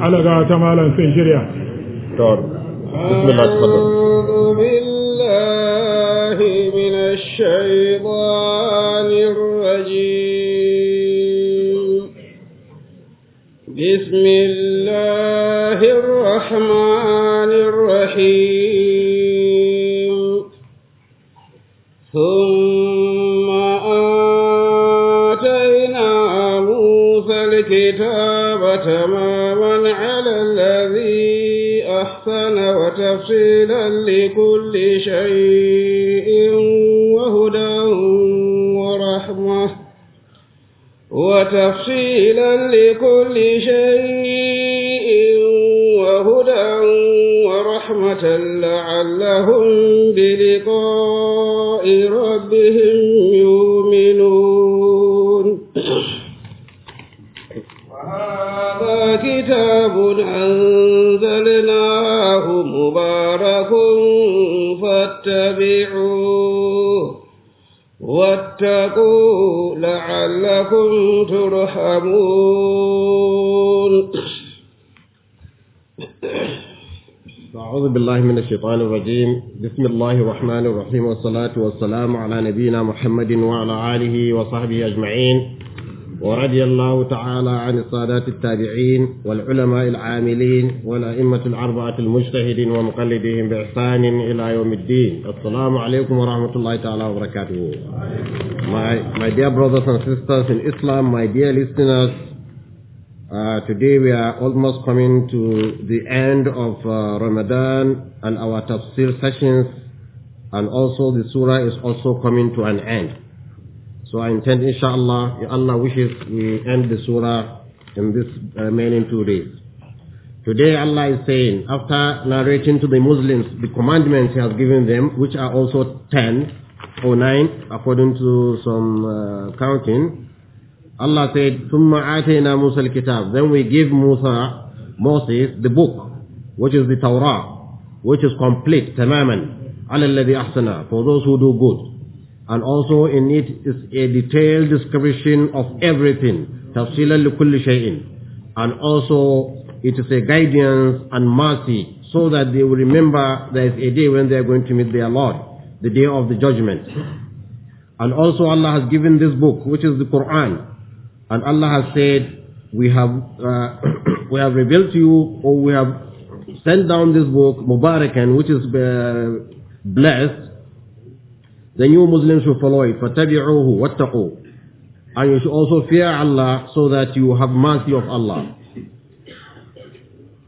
على ذات مالا في شريعة دور طيب. بسم الله أعوذ بالله من الشيطان الرجيم بسم الله الرحمن الرحيم ثم آتينا موسى الكتاب وتماما على الذي أحسن وتفصيلا لكل شيء وهدى ورحمة وتفصيلا لكل شيء وهدى ورحمة لعلهم بلقاء ربهم يؤمنون كتاب أنزلناه مبارك فاتبعوه واتقوا لعلكم ترحمون أعوذ بالله من الشيطان الرجيم بسم الله الرحمن الرحيم والصلاة والسلام على نبينا محمد وعلى آله وصحبه أجمعين ورضي الله تعالى عن التابعين والعلماء العاملين والأئمة الأربعة المجتهدين ومقلدهم بإحسان إلى يوم الدين السلام عليكم ورحمة الله تعالى وبركاته my, my dear brothers and sisters in Islam, my dear listeners uh, today we are almost coming to the end of uh, Ramadan and our tafsir sessions and also the surah is also coming to an end so I intend, inshallah, if Allah wishes, we end the surah in this uh, remaining two days. Today Allah is saying, after narrating to the Muslims the commandments He has given them, which are also ten or nine, according to some uh, counting, Allah said, ثُمَّ آتَيْنَا مُوسَى الْكِتَابِ Then we give Musa, Moses, the book, which is the Torah, which is complete, تماما, عَلَى الَّذِي أَحْسَنَا For those who do good. And also in it is a detailed description of everything, tafsilan likulli shay'in. And also it is a guidance and mercy so that they will remember there is a day when they are going to meet their Lord, the day of the judgment. And also Allah has given this book, which is the Quran. And Allah has said, we have, uh, we have revealed to you, or we have sent down this book, Mubarakan, which is uh, blessed, the new Muslims who follow it, فَتَبِعُوهُ وَاتَّقُوا And you should also fear Allah so that you have mercy of Allah.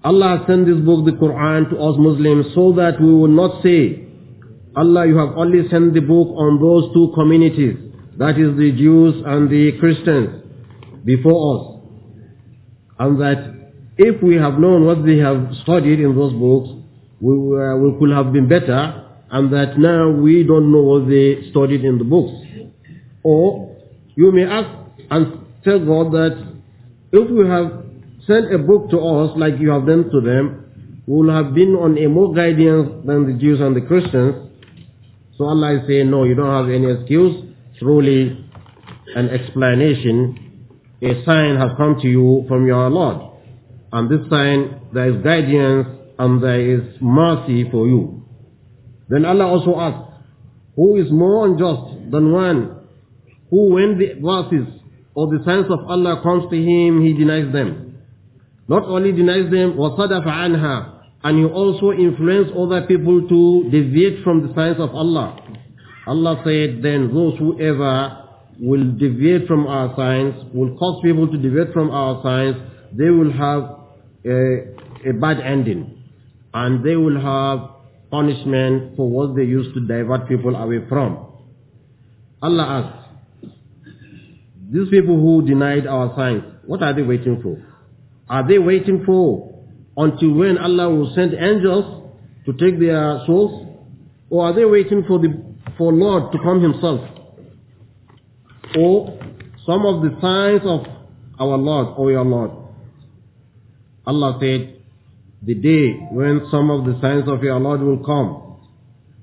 Allah has sent this book, the Quran, to us Muslims so that we will not say, Allah, you have only sent the book on those two communities, that is the Jews and the Christians, before us. And that if we have known what they have studied in those books, we, uh, we could have been better and that now we don't know what they studied in the books. Or you may ask and tell God that if you have sent a book to us like you have done to them, we will have been on a more guidance than the Jews and the Christians. So Allah is saying, no, you don't have any excuse. Truly an explanation, a sign has come to you from your Lord. And this sign, there is guidance and there is mercy for you. Then Allah also asked, who is more unjust than one who when the verses or the signs of Allah comes to him, he denies them. Not only denies them, وَصَدَفَ عَنْهَا And he also influence other people to deviate from the signs of Allah. Allah said, then those whoever will deviate from our signs, will cause people to deviate from our signs, they will have a, a bad ending. And they will have punishment for what they used to divert people away from. Allah asked these people who denied our signs, what are they waiting for? Are they waiting for until when Allah will send angels to take their souls? Or are they waiting for the for Lord to come himself? Or some of the signs of our Lord or your Lord? Allah said, the day when some of the signs of your Lord will come.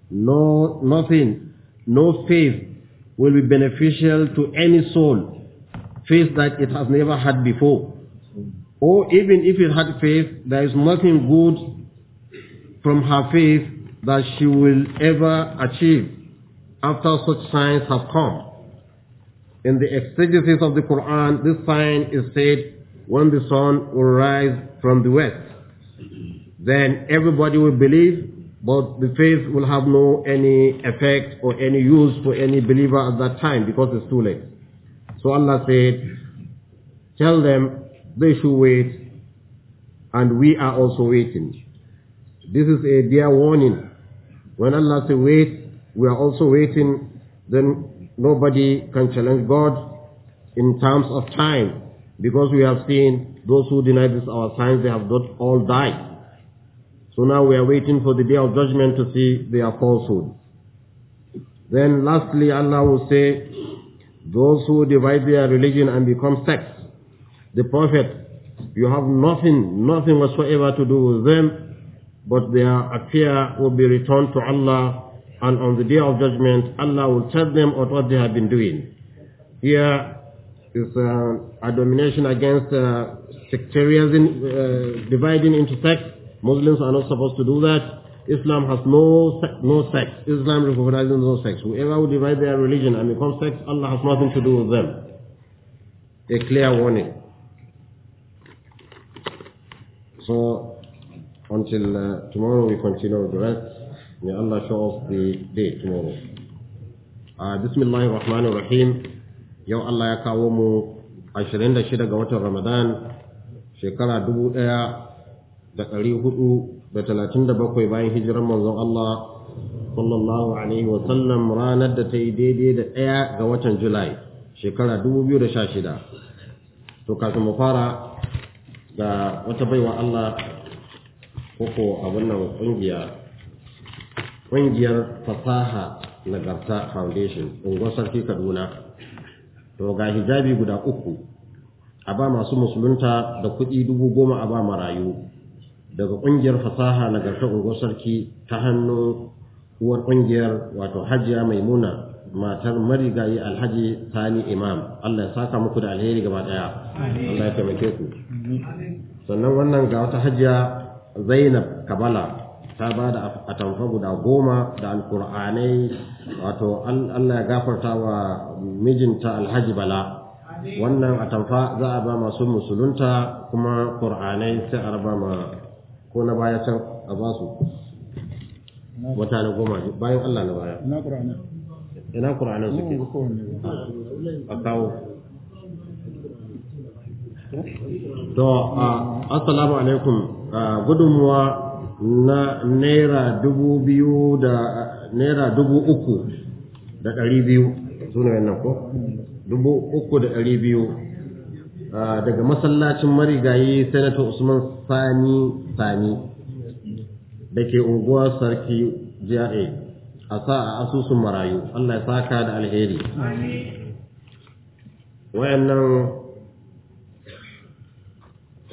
No, nothing, no faith will be beneficial to any soul, faith that it has never had before. Or even if it had faith, there is nothing good from her faith that she will ever achieve after such signs have come. In the exegesis of the Quran, this sign is said when the sun will rise from the west then everybody will believe, but the faith will have no any effect or any use for any believer at that time because it's too late. So Allah said, tell them they should wait and we are also waiting. This is a dear warning. When Allah says wait, we are also waiting, then nobody can challenge God in terms of time because we have seen those who deny this our signs, they have not all died. So now we are waiting for the day of judgment to see their falsehood. Then lastly, Allah will say, those who divide their religion and become sects, the Prophet, you have nothing, nothing whatsoever to do with them, but their affair will be returned to Allah, and on the day of judgment, Allah will tell them of what they have been doing. Here is uh, a domination against uh, sectarianism, uh, dividing into sects, Muslims are not supposed to do that. Islam has no no sex. Islam recognizes no sex. Whoever would divide their religion and become sex, Allah has nothing to do with them. A clear warning. So, until uh, tomorrow we continue with the rest. May Allah show us the day tomorrow. Uh, Bismillahir Rahmanir Rahim. Allah ya kawo mu 26 ga watan Ramadan shekara 1000 da hudu da talatin da bakwai bayan hijirar manzon Allah sallallahu alaihi wa sallam ranar da ta yi daidai da ɗaya ga watan Julai shekara dubu biyu da sha To kafin mu fara ga wata baiwa Allah koko abin nan ƙungiya ƙungiyar fasaha nagarta foundation unguwar sarki kaduna to ga hijabi guda uku a ba masu musulunta da kuɗi dubu goma a ba marayu daga ƙungiyar fasaha na garta sarki ta hannu, uwar ƙungiyar wato hajiya maimuna matar marigayi alhaji sani imam allah ya saka muku da alheri gaba ɗaya allah ya taimake ku sannan wannan ga wata hajiya zainab kabala ta ba da atamfa guda goma da alkur'anai wato allah ya gafarta wa mijinta alhaji bala wannan atamfa za a ba masu musulunta kuma ƙur'anai sai a raba ma ko na baya can a ba su wata na goma bayan Allah na baya ina ƙura'anin suke a kawo to a assalamu alaikum gudunmuwa na naira dubu biyu da naira dubu uku da ɗari biyu suna yana ko dubu uku da ɗari biyu daga masallacin marigayi senator usman sani sani da ke unguwar sarki ja'e a sa a asusun marayu Allah ya saka da alheri wayannan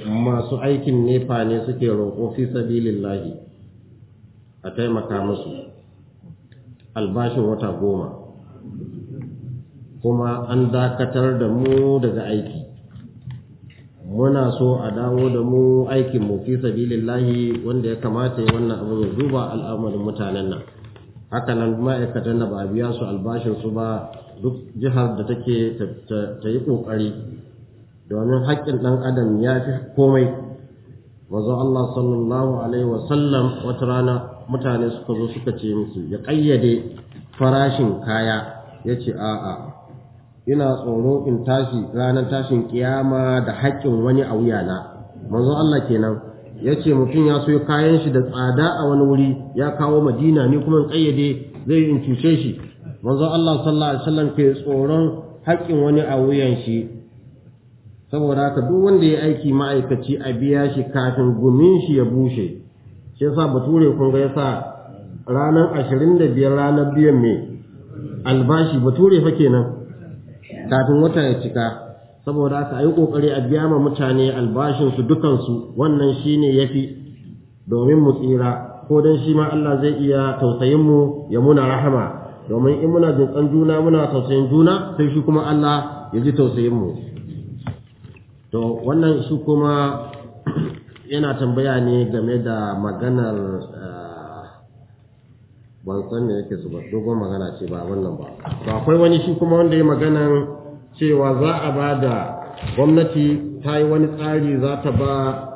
masu aikin nefa ne suke roƙo fi sabilillahi a taimaka musu albashin wata goma kuma an dakatar da mu daga aiki muna so a dawo da mu aikin mu fi sabilillahi wanda ya kamata wannan abin ya duba al'amarin mutanen nan haka nan ma'aikatan da ba a biya su albashin su ba duk jihar da take ta yi kokari domin haƙƙin ɗan adam ya fi komai wazo Allah sallallahu alaihi wa sallam wata rana mutane suka zo suka ce musu ya ƙayyade farashin kaya yace a'a ina tsoro in tashi ranar tashin kiyama da haƙƙin wani a wuyana manzo Allah kenan yace mutum ya so kayan shi da tsada a wani wuri ya kawo Madina ni kuma in kayyade zai in cuce shi manzo Allah sallallahu alaihi wasallam ke tsoron haƙƙin wani a wuyan shi saboda haka duk wanda ya aiki ma'aikaci a biya shi kafin gumin shi ya bushe shi yasa bature kun ga yasa ranar 25 ranar biyan mai albashi bature fa kenan kafin wata ya cika saboda haka yi kokari a biya ma mutane albashinsu dukansu, dukan su wannan shine yafi domin mu tsira ko dan shi ma Allah zai iya tausayin mu ya muna rahama domin in muna dokan juna muna tausayin juna sai shi kuma Allah ya ji tausayin mu to wannan shi kuma yana tambaya ne game da maganar eh, ban san me yake su ba dogon magana ce ba wannan ba to akwai wani shi kuma wanda ya magana cewa za a ba da gwamnati ta yi wani tsari za ta ba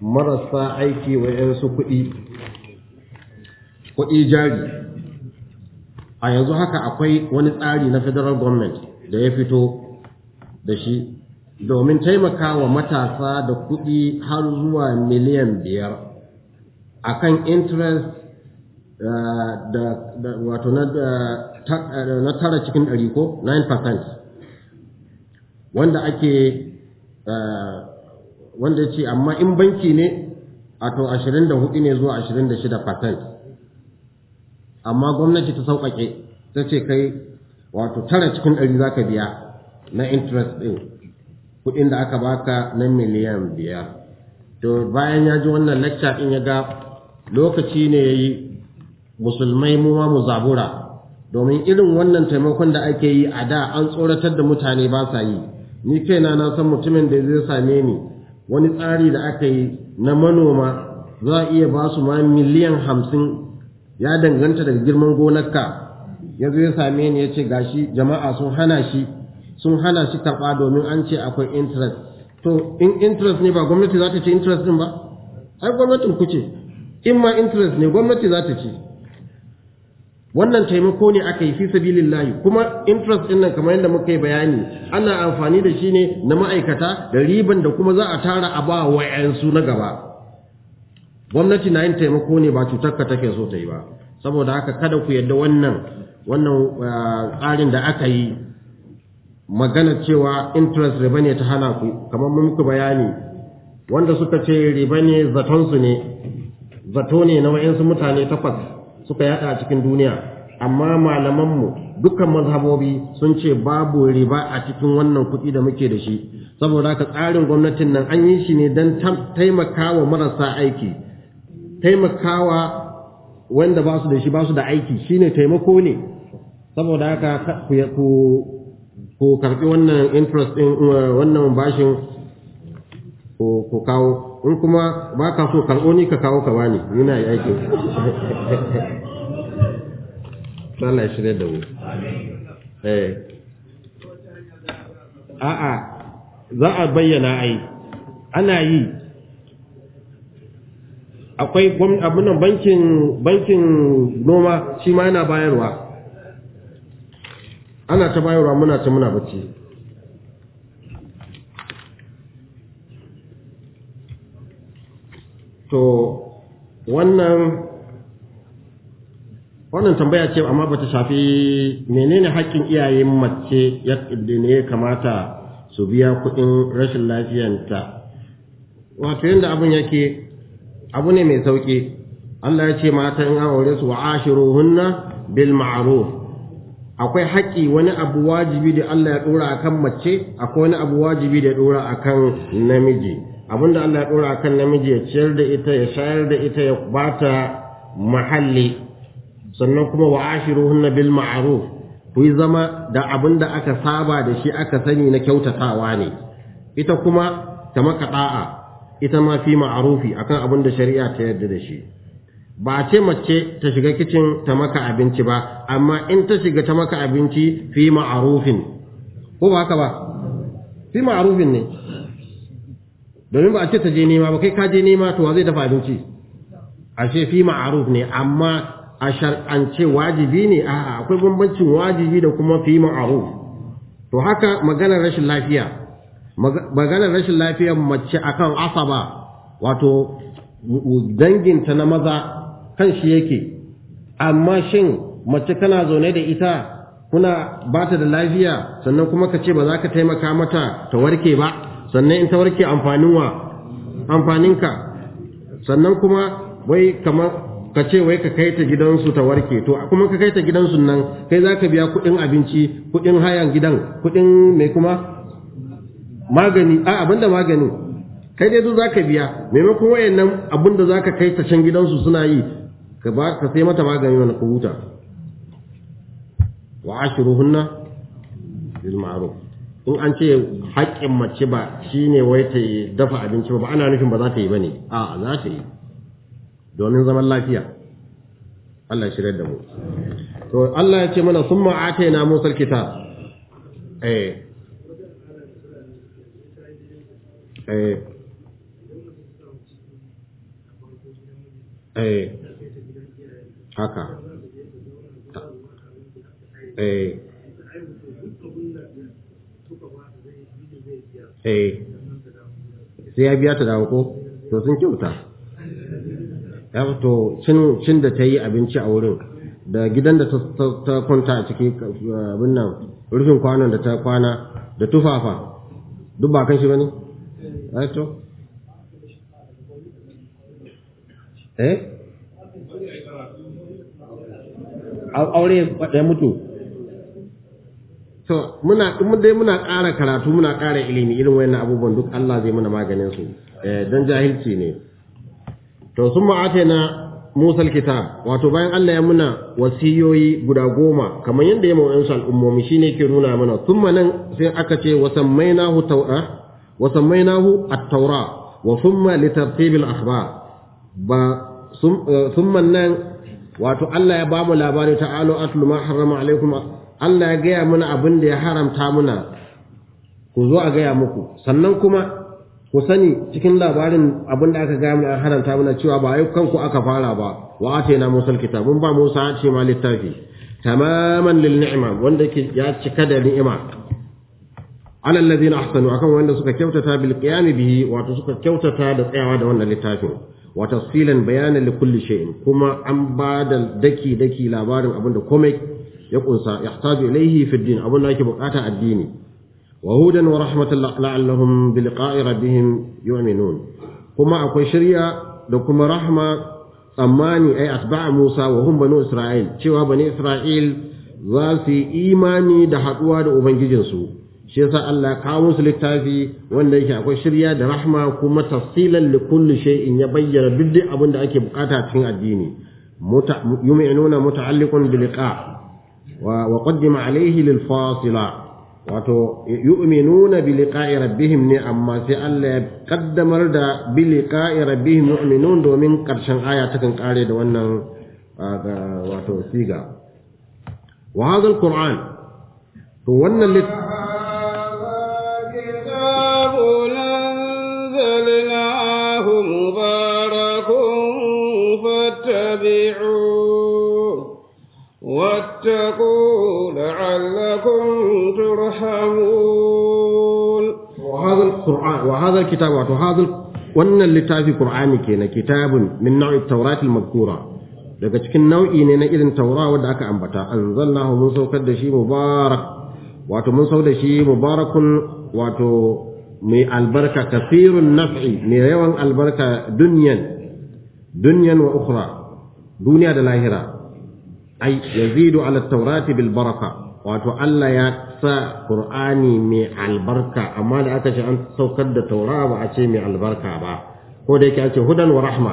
marasa aiki wa yansu kuɗi kuɗi jari a yanzu haka akwai wani tsari na federal government da ya fito da shi domin taimaka wa matasa da kuɗi har zuwa miliyan biyar akan interest da wato na tara cikin ɗari ko 9% wanda ake eh, wanda ce amma in banki ne a to 24 ne zuwa 26% amma gwamnati ta sauƙaƙe ta ce kai wato tara cikin ɗari za ka biya na interest ɗin kuɗin da aka baka na miliyan biyar to bayan ya ji wannan lacca ɗin ya ga lokaci ne ya yi musulmai mu ma mu zabura domin irin wannan taimakon da ake yi a da an tsoratar da mutane ba sa yi ni kaina na san mutumin da zai same ni wani tsari da aka yi na manoma za a iya ba su ma miliyan hamsin ya danganta daga girman gonarka ya zai same ni ya ce gashi jama'a sun hana shi sun hana shi karɓa domin an ce akwai interest to in interest ne ba gwamnati za ta ce interest din ba ai gwamnatin ku ce in ma interest ne gwamnati za ta ce wannan taimako ne aka yi fi sabilillahi kuma interest din nan kamar yadda muka yi bayani ana amfani da shi ne na ma'aikata da riban da kuma za a tara a ba wa yansu na gaba gwamnati na yin taimako ne ba cutar ka take so ta yi ba saboda haka kada ku yadda wannan wannan ah, tsarin da aka yi magana cewa interest riba ne ta hana ku kamar mun muku bayani wanda suka ce riba ne zaton su ne zato ne na wa'ansu mutane takwas suka yada a cikin duniya amma malamanmu dukkan mazhabobi sun ce babu riba a cikin wannan kuɗi da muke da shi saboda haka tsarin gwamnatin nan an yi shi ne don taimakawa marasa aiki taimakawa wanda ba su da shi ba su da aiki shine taimako ne saboda haka ku ku karbi wannan interest din wannan bashin ku kawo in kuma ba ka so karɓo ka kawo ka bani muna yi aiki shirya da mu eh. a'a za a bayyana ai ana yi akwai abunan bankin bankin noma shi ma yana bayarwa ana ta bayarwa muna ta muna bacci to wannan wannan tambaya ce amma bata shafi menene haƙƙin iyayen mace ne ya kamata su biya kuɗin rashin lafiyanta wato yadda abin yake abu ne mai sauƙi Allah ya ce mata in an aure su wa ashiruhunna bil ma'ruf akwai haƙƙi wani abu wajibi da Allah ya dora akan mace akwai wani abu wajibi da ya dora akan namiji da Allah ya dora kan namiji ya ciyar da ita ya shayar da ita ya bata mahalli sannan kuma wa ashiruhunna bil ma'ruf ku yi zama da abinda aka saba da shi aka sani na kyautatawa ne ita kuma ta maka da'a ita ma fi ma'rufi akan da shari'a ta yarda da shi ba a ce mace ta shiga kicin ta maka abinci ba amma in ta shiga ta maka abinci fi ma'rufin ko ba haka ba fi ma'rufin ne domin ba a ce ta je nema ba kai ka je nema to wa zai dafa abinci ashe fi ma'aruf ne amma a shar'ance wajibi ne a'a akwai bambancin wajibi da kuma fi ma'aruf to haka maganar rashin lafiya maganar rashin lafiya mace akan asaba wato danginta na maza kan shi yake amma shin mace kana zaune da ita kuna ba ta da lafiya sannan kuma ka ce ba za ka taimaka mata ta warke ba sannan in ta warke amfanin wa amfaninka sannan kuma wai kamar ka ce wai ka kai ta gidansu ta warke to kuma ka kai ta gidansu nan kai za ka biya kuɗin abinci kuɗin hayan gidan kuɗin mai kuma magani a abinda magani kai dai duk za ka biya maimakon wayannan abinda za ka kai ta can gidansu suna yi ka ba ka sai mata magani wani ku huta wa ashiruhunna bil ma'ruf in an ce haƙƙin mace ba shi ne wai ta yi dafa abinci ba ana nufin ba za ta yi ba ne a za ta yi domin zaman lafiya Allah shirya da mu to Allah ya ce mana sun ma'ata na musar kita eh eh eh haka eh eh sai ya biya ta dawo ko to sun kyauta ya to cin cin da ta yi abinci a wurin da gidan da ta kwanta a ciki abin nan rufin kwanon da ta kwana da tufafa duk ba kan shi bane to eh aure ya mutu to muna dai muna ƙara karatu muna ƙara ilimi irin na abubuwan duk Allah zai muna maganin su eh, dan jahilci ne to sun ce na musal kitab wato bayan Allah ya muna wasiyoyi guda goma kamar yadda ya mawa'in su al'ummomi shine ke nuna mana sun nan sai aka ce wasan mainahu taura eh? wasan mainahu at-taura wa thumma li tartibil akhbar ba sun eh, nan wato Allah ya ba labari ta'alu atlu ma harrama Allah ya gaya mana abin da ya haramta muna ku zo a gaya muku sannan kuma ku sani cikin labarin abin da aka gaya mana haramta muna cewa ba ai kanku aka fara ba wa atayna musal kitab mun ba musa a ce ma littafi tamaman lil ni'ma wanda ke ya cika da ni'ima ala alladhina ahsanu akan wanda suka kyautata bil qiyam bihi wato suka kyautata da tsayawa da wannan littafin wa tafsilan bayanan likulli shay'in kuma an ba da daki daki labarin abin da komai ya kunsa yahtaju ilaihi fi din abun da ake bukata addini wa hudan wa rahmatan la'allahum bi liqa'i rabbihim yu'minun kuma akwai shari'a da kuma rahma tsammani ai asba'a Musa wa hum banu Isra'il cewa bani Isra'il za su yi imani da haduwa da ubangijinsu shi yasa Allah kawo littafi wanda yake akwai shirya da rahma kuma tafsilan li kulli shay'in ya bayyana duk abin da ake bukata cikin addini yu'minuna muta'alliqun bi liqa وقدم عليه للفاصلة وتو يؤمنون بلقاء ربهم نعم سألا قدم رد بلقاء ربهم يؤمنون دو من قرشن آية تكن قاري دو آه، وهذا القرآن تو أنن hadha alkitab wato hadha wannan littafi qur'ani kenan kitabun min nau'i tawrat almadhkura daga cikin nau'i ne na irin taura wanda aka ambata anzalnahu mun saukar da shi mubarak wato mun sau da duniya da lahira yazidu bil baraka wato Allah ya sa Qur'ani mai albarka amma da aka ce an saukar da taurawa ba a ce mai albarka ba ko da yake an hudan wa rahma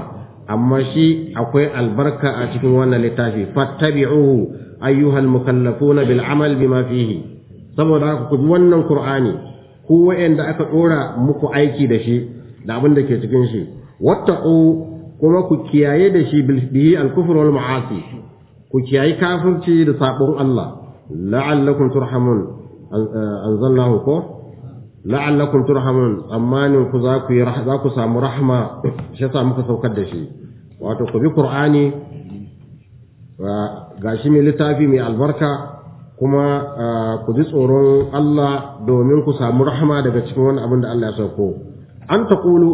amma shi akwai albarka a cikin wannan littafi fattabi'uhu ayyuhal mukallafuna bil amal bima fihi saboda haka ku wannan Qur'ani ku wa'anda aka dora muku aiki da shi da abin da ke cikin shi wattaqu kuma ku kiyaye da shi bil bihi al kufr wal ma'asi ku kiyaye kafirci da sabon Allah la'allakum turhamun anzalnahu ko la'allakum turhamun amma ne ku za ku za ku samu rahma shi sa muka saukar da shi wato ku bi qur'ani gashi mai littafi mai albarka kuma ku ji tsoron Allah domin ku samu rahma daga cikin wani abin da Allah ya sauko an taqulu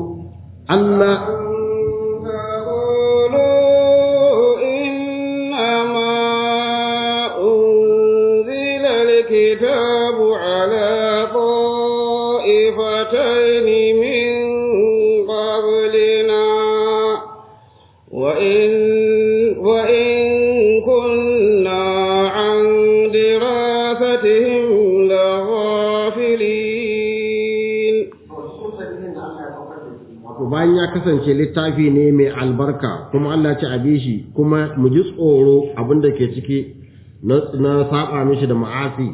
Allah الكتاب على طائفتين من قبلنا وإن, ya kasance littafi ne mai albarka kuma Allah ci abi shi kuma mu ji tsoro abin da ke ciki na saba mishi da ma'asi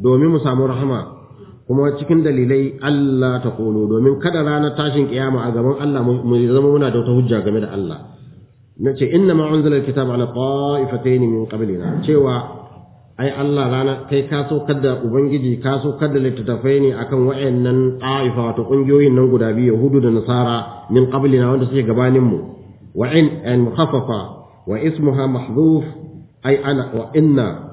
domin mu samu rahama kuma cikin dalilai Allah ta kolo domin kada ranar tashin kiyama a gaban Allah mu zama muna da wata hujja game da Allah nace inna ma unzila ala qa'ifatayn min qablina cewa ai Allah rana kai ka so kada ubangiji ka so kada littattafai ne akan waannan ta'ifa wato kungiyoyin nan guda biyu yahudu da nasara min qablina wanda suke gabanin mu wa in an mukhaffafa wa ismuha mahdhuf ai ana wa inna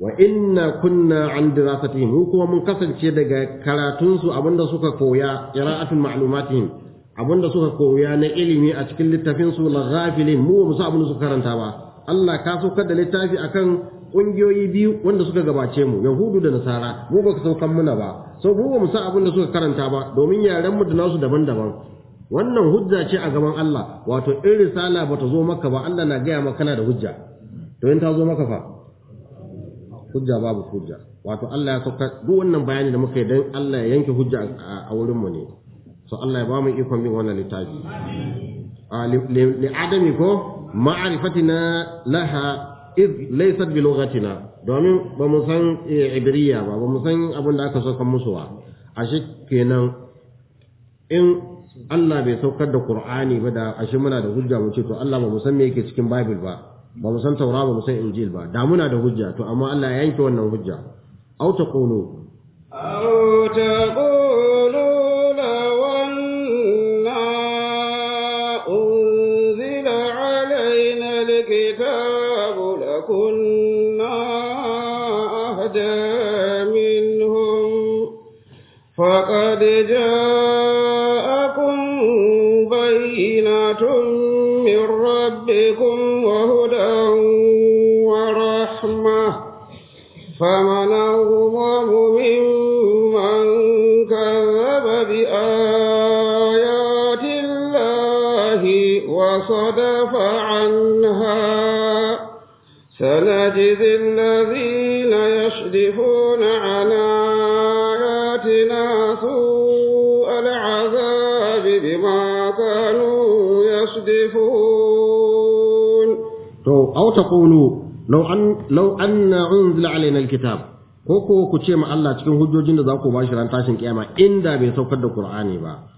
wa inna kunna an dirasatihim mu kuma mun kasance daga karatunsu abinda suka koya qira'atul ma'lumatihim abinda suka koya na ilimi a cikin littafin su la ghafilin mu musu abinda su karanta ba Allah ka so da littafi akan kungiyoyi biyu wanda suka gabace mu yahudu da nasara mu baka saukan muna ba so mu ba mu san abinda suka karanta ba domin yaran mu da nasu daban-daban wannan hujja ce a gaban Allah wato in risala bata zo maka ba Allah na gaya maka kana da hujja to in ta zo maka fa hujja babu hujja wato Allah ya sauka duk wannan bayani da muka yi dan Allah ya yanke hujja a wurin mu ne so Allah ya ba mu ikon bin wannan litafi li adami ko ma'rifatina laha id laysat bi lughatina domin ba mu san eh, ibriya ba ba mu san abin da aka sauka musu ba shi kenan in Allah bai saukar da Qur'ani ba da ashe muna da hujja mu ce to Allah ba mu san me yake cikin Bible ba ba mu san taura ba mu san injil ba da muna da hujja to amma Allah ya yanke wannan hujja aw taqulu aw la lawanna unzila alaina alkitabu lakunna ahda minhum faqad ja'akum bayinatun min rabbikum الرحمة فمن الله ممن كذب بآيات الله وصدف عنها سنجزي الذين يشرفون على آياتنا سوء العذاب بما كانوا يصدفون أو تقولوا law an law anna unzila alaina alkitab ko ko ku ce ma Allah cikin hujjojin da za ku bashi ran tashin kiyama inda bai saukar da Qur'ani ba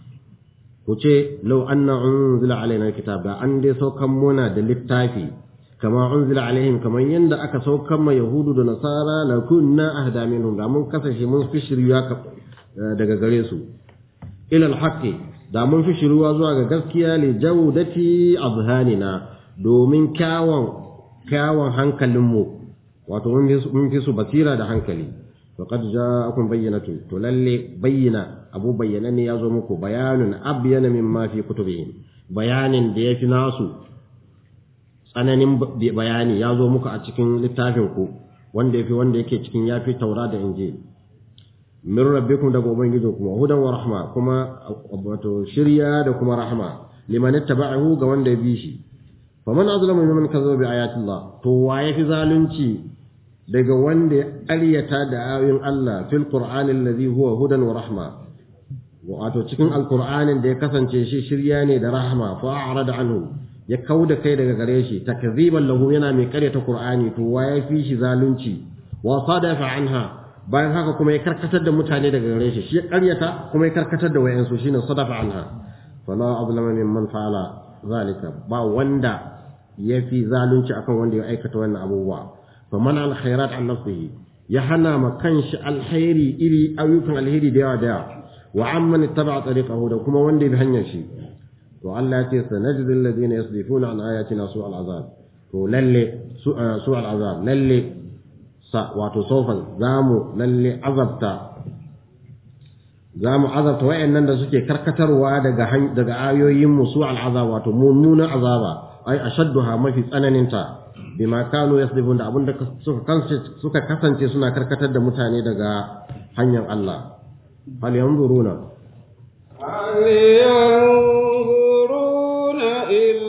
ku ce law anna unzila alaina alkitab da an dai saukan muna da littafi kama unzila alaihim kamar yanda aka saukan ma yahudu da nasara la kunna ahda minhum da mun kasashe mun fi daga gare su ila alhaqi da mun fi shiruwa zuwa ga gaskiya li jawdati azhanina domin kyawun kyawun hankalinmu wato mun fi su basira da hankali to ja akun bayyana to lalle bayyana abu bayyana ne yazo muku bayanun abyana ma fi kutubihim bayanin da yafi nasu tsananin bayani yazo muku a cikin littafin ku wanda yafi wanda yake cikin yafi taura da injil min rabbikum daga ubangijin kuma hudan wa rahma kuma wato shirya da kuma rahma liman ittaba'ahu ga wanda ya bi shi fa man azlamu mimman kazzaba bi ayatillah to waye fi zalunci daga wanda ya karyata da ayoyin Allah fil qur'ani allazi huwa hudan wa rahma wato cikin alqur'anin da ya kasance shi shirya ne da rahma fa a'rada anhu ya kauda kai daga gare shi takziban lahu yana mai karyata qur'ani to waye fi shi zalunci wasa wa sadafa anha bayan haka kuma ya karkatar da mutane daga gare shi shi ya karyata kuma ya karkatar da wayansu shine sadafa anha fala ablama mimman fa'ala zalika ba wanda ya fi zalunci akan wanda ya aikata wannan abubuwa faman alkhairat an nafsihi ya hana ma kanshi alkhairi iri ayyukan alheri da yawa da yawa wa amman ittaba tariqahu da kuma wanda ya bi hanyar shi to Allah ya ce sanajzi alladhina yasdifuna an ayatina su al'azab to lalle su eh, al'azab lalle sa wato sofan zamu lalle azabta za azabta wa'annan da suke karkatarwa daga daga ayoyin mu su al'azab wato mummunan azaba ai ashadduha mafi tsananinta bima kanu yasdibun da abinda suka kasance suna karkatar da mutane daga hanyar Allah hal yanzuruna hal yanzuruna illa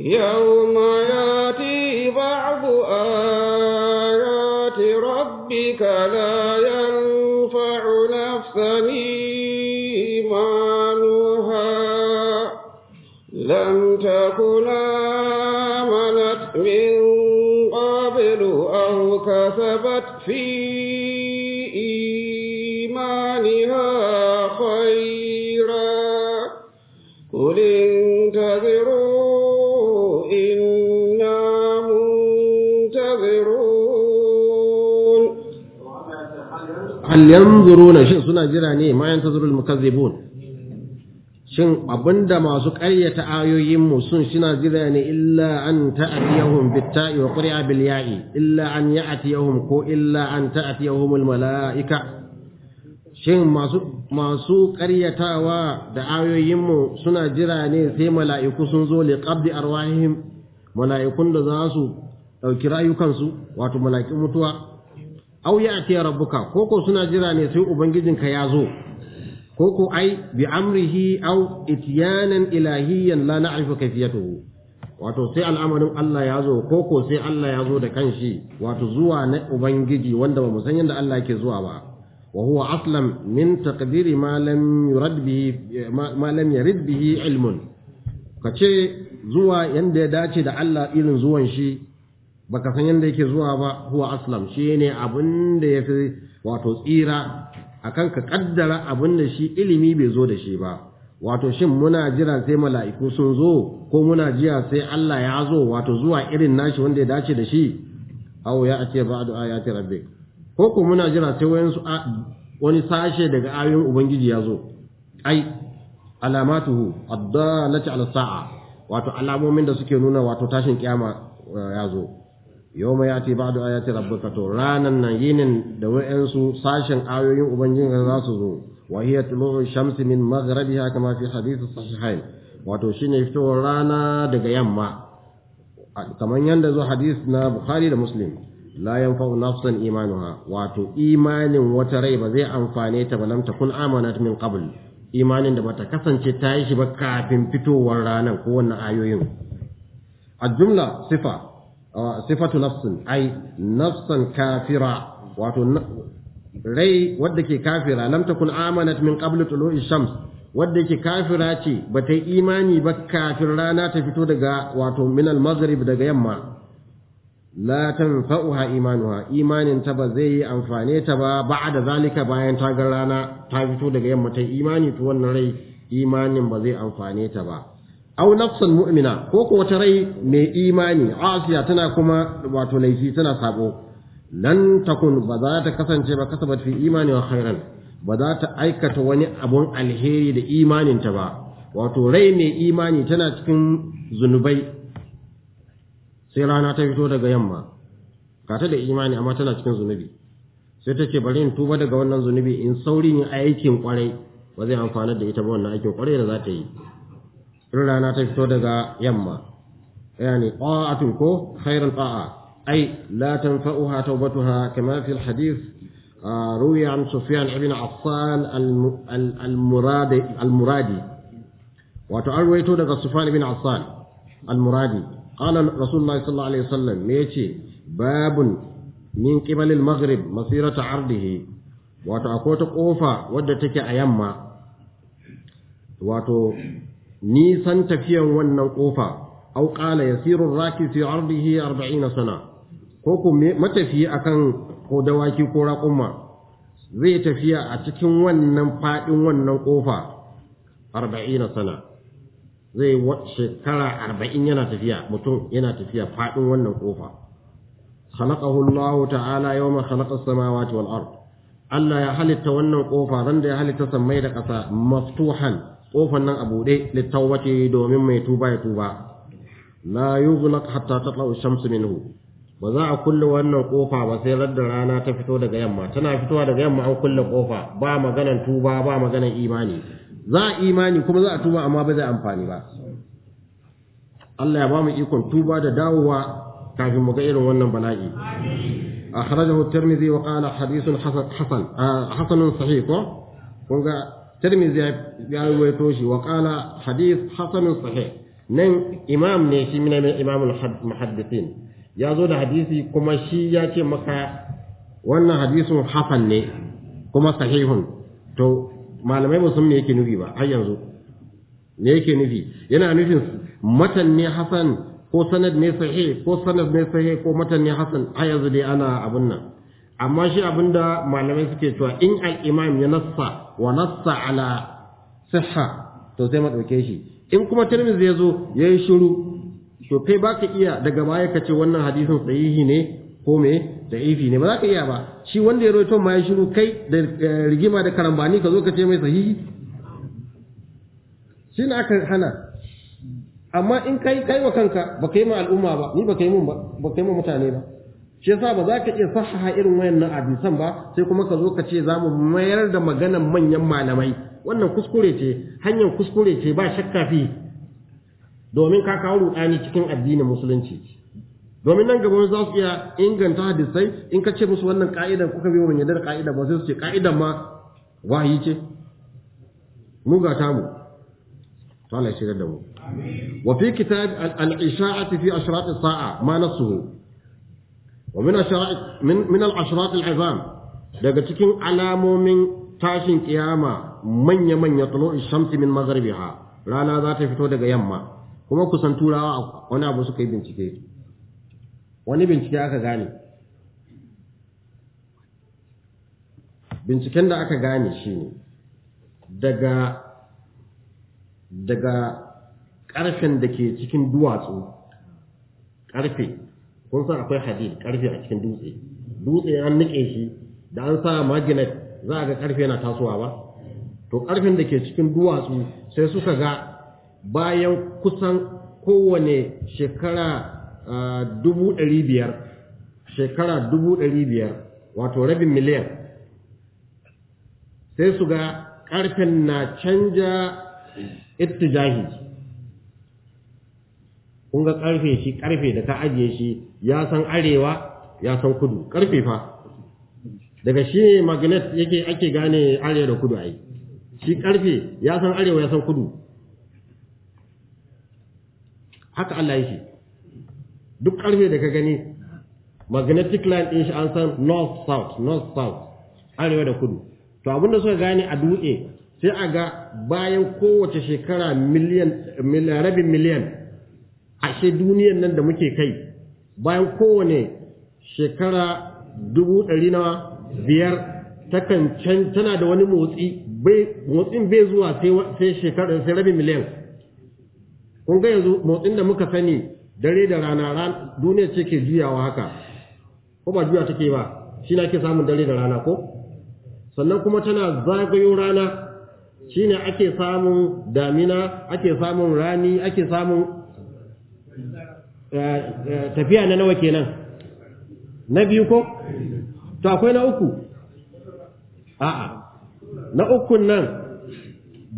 يوم ياتي بعض آيات ربك لا ينفع نفسا إيمانها لم تكن آمنت من قبل أو كسبت في إيمانها خيرا قل انتظروا hal yanzuruna shin suna jira ne ma yantazurul mukazzibun shin abinda masu ƙaryata ayoyin mu sun suna jira ne illa an ta'tiyahum bitta'i wa qari'a bil ya'i illa an ya'tiyahum ko illa an ta'tiyahumul mala'ika shin masu masu ƙaryatawa da ayoyin mu suna jira ne sai mala'iku sun zo li qabdi arwahihim mala'ikun da za su dauki rayukansu wato mala'ikun mutuwa aw ya'ti rabbuka ko suna jira ne sai ubangijinka ya zo ko ai bi amrihi aw itiyanan ilahiyan la na'rifu kayfiyatuhu wato sai al'amarin Allah ya zo ko sai Allah ya zo da kanshi wato zuwa na ubangiji wanda ba mu san yadda Allah yake zuwa ba wa huwa aslam min taqdiri ma lam yurad bihi ma lam yarid bihi ilmun kace zuwa yanda ya dace da Allah irin zuwan shi baka san yanda yake zuwa ba huwa aslam shine abin da ya fi wato tsira akan ka kaddara abin da shi ilimi bai zo da shi ba wato shin muna jira sai mala'iku sun zo ko muna jiya sai Allah ya zo wato zuwa irin nashi wanda ya dace da shi au ya ake ya ayati rabbi ko ko muna jira sai wayansu wani sashe daga ayoyin ubangiji ya zo ai alamatuhu addalati ala sa'a wato alamomin da suke nuna wato tashin kiyama eh, ya zo yau mai ati ba da ayati rabbi to ranan nan yinin da wa'ansu sashen ayoyin ubangijinka za su zo wa hiya shamsi min maghribiha kama fi hadith sahihain wato shine fitowar rana daga yamma kamar yanda zo hadith na bukhari da muslim la yanfa'u nafsan imanuha wato imanin wata rai ba zai amfane ta ba lam takun amanat min qabl imanin da bata kasance ta yi shi ba kafin fitowar ranar ko wannan ayoyin a jumla sifa sifatu nafsin ai nafsan kafira wato rai wadda ke kafira lam takun amanat min qablu tulu'i shams wadda ke kafira ce ba ta imani ba kafin rana ta fito daga wato min al-maghrib daga yamma la tanfa'uha imanuha imanin ta ba zai yi amfane ta ba ba'da zalika bayan ta ga rana ta fito daga yamma ta imani to wannan rai imanin ba zai amfane ta ba aw nafsan mu'mina ko ko wata rai mai imani asiya tana kuma wato laifi tana sabo lan takun ba za ta kasance ba kasabat fi imani wa khairan ba za ta aikata wani abun alheri da imaninta ba wato rai mai imani tana cikin zunubai sai rana ta fito daga yamma ta da imani amma tana cikin zunubi sai ta ce bari in tuba daga wannan zunubi in saurin yin aikin kwarai ba zai amfana da ita ba wannan aikin kwarai da za ta yi rana ta fito daga yamma yani qa'atun ko khairul qa'a ay la tanfa'uha tawbatuha kama fi alhadith ah, ruwi an sufyan ibn affan almuradi almuradi wa daga sufyan ibn affan almuradi qala rasulullah sallallahu alaihi wasallam me yace babun min qibal almaghrib masirata ardihi wato akwai ta kofa wadda take a yamma nisan tafiyan wannan kofa aw qala yasiru raki fi ardihi 40 sana ko ku matafiyi akan ko dawaki ko raƙuma zai tafiya a cikin wannan faɗin wannan kofa 40 sana zai shekara 40 yana tafiya mutum yana tafiya faɗin wannan ƙofa. khalaqahu Allah ta'ala yawma khalaqa as-samawati wal ard Allah ya halitta wannan ƙofa, ran da ya halitta sammai da ƙasa maftuhan kofan nan a buɗe littawwace domin mai tuba ya tuba la yughlaq hatta tatla ash-shamsu minhu ba za a kulle wannan kofa ba sai da rana ta fito daga yamma tana fitowa daga yamma an kulle kofa ba maganan tuba ba maganan imani za a imani kuma za a tuba amma ba zai amfani ba Allah ya ba mu ikon tuba da dawowa kafin mu ga irin wannan bala'i akhrajahu at-tirmidhi wa qala hadithun hasan hasan ah, sahih ko tirmizi ya rawaito shi wa qala hadith hasan sahih nan imam ne shi ne imamul muhaddithin ya zo da hadisi kuma shi ya ce maka wannan hadisin hasan ne kuma sahihun to malamai ba sun me yake nufi ba har yanzu me yake nufi yana nufin matan ne hasan ko sanad ne sahih ko sanad ne sahih ko matan ne hasan har yanzu dai ana abun nan amma shi abinda malamai suke cewa in al-imam ya nassa wa nassa ala sihha to sai madauke shi in kuma tirmizi ya zo yayi shiru to kai baka iya daga baya ka ce wannan hadisin sahihi ne ko me da'ifi ne ba za ka iya ba shi wanda ya rawaito ma ya shiru kai da eh, rigima da karambani ka zo ka ce mai sahihi shi ne aka hana amma in kai kai wa kanka ba kai ma al'umma ba ni ba kai mun ba ba kai ma mutane ba shi yasa ba za ka iya sahaha irin wayannan hadisan ba sai kuma ka zo ka ce za mu mayar da maganan manyan malamai wannan kuskure ce hanyar kuskure ce ba shakka fi domin ka kawo rudani cikin addinin musulunci domin nan gaba za su iya inganta hadisai in ka ce musu wannan ka'idan kuka biyo ban da ka'ida ba sai su ce ka'idan ma wahayi ce mu ga tamu to Allah ya shigar da mu wa fi kitab al-isha'ati fi ashrat as-sa'a ma nasuhu wa min min al azam daga cikin alamomin tashin kiyama manya manya tulu'i shamsi min maghribiha rana za ta fito daga yamma kuma kusan turawa wani abu suka yi bincike wani bincike aka gane binciken da aka gane shi ne daga daga ƙarfen da ke cikin duwatsu ƙarfe kun san akwai hadid karfe a cikin dutse dutse an nike shi da an sa magnet za a ga karfe yana tasowa ba to karfin da ke cikin duwatsu sai suka ga bayan kusan kowane shekara dubu ɗari biyar shekara dubu ɗari biyar wato rabin miliyan sai su ga ƙarfen na canja ittijahi kun ga karfe shi karfe da ta ajiye shi ya san arewa ya san kudu karfe fa daga shi ne magnet yake ake gane arewa da kudu ai shi karfe ya san arewa ya san kudu haka Allah yake duk karfe da ka gani magnetic line din shi an san north south north south arewa da kudu to abinda suka gane a dutse sai a ga bayan kowace shekara miliyan rabin miliyan ashe duniyan nan da muke kai bayan kowane shekara dubu ɗari na biyar takan can tana da wani motsi motsin bai zuwa sai shekara sai rabin miliyan kun ga yanzu motsin da muka sani dare da rana duniya ce ke juyawa haka ko ba juya take ba shi na ke samun dare da rana ko sannan kuma tana zagayo rana shine ake samun damina ake samun rani ake samun tafiya na nawa kenan na biyu ko to akwai na uku a'a na ukun nan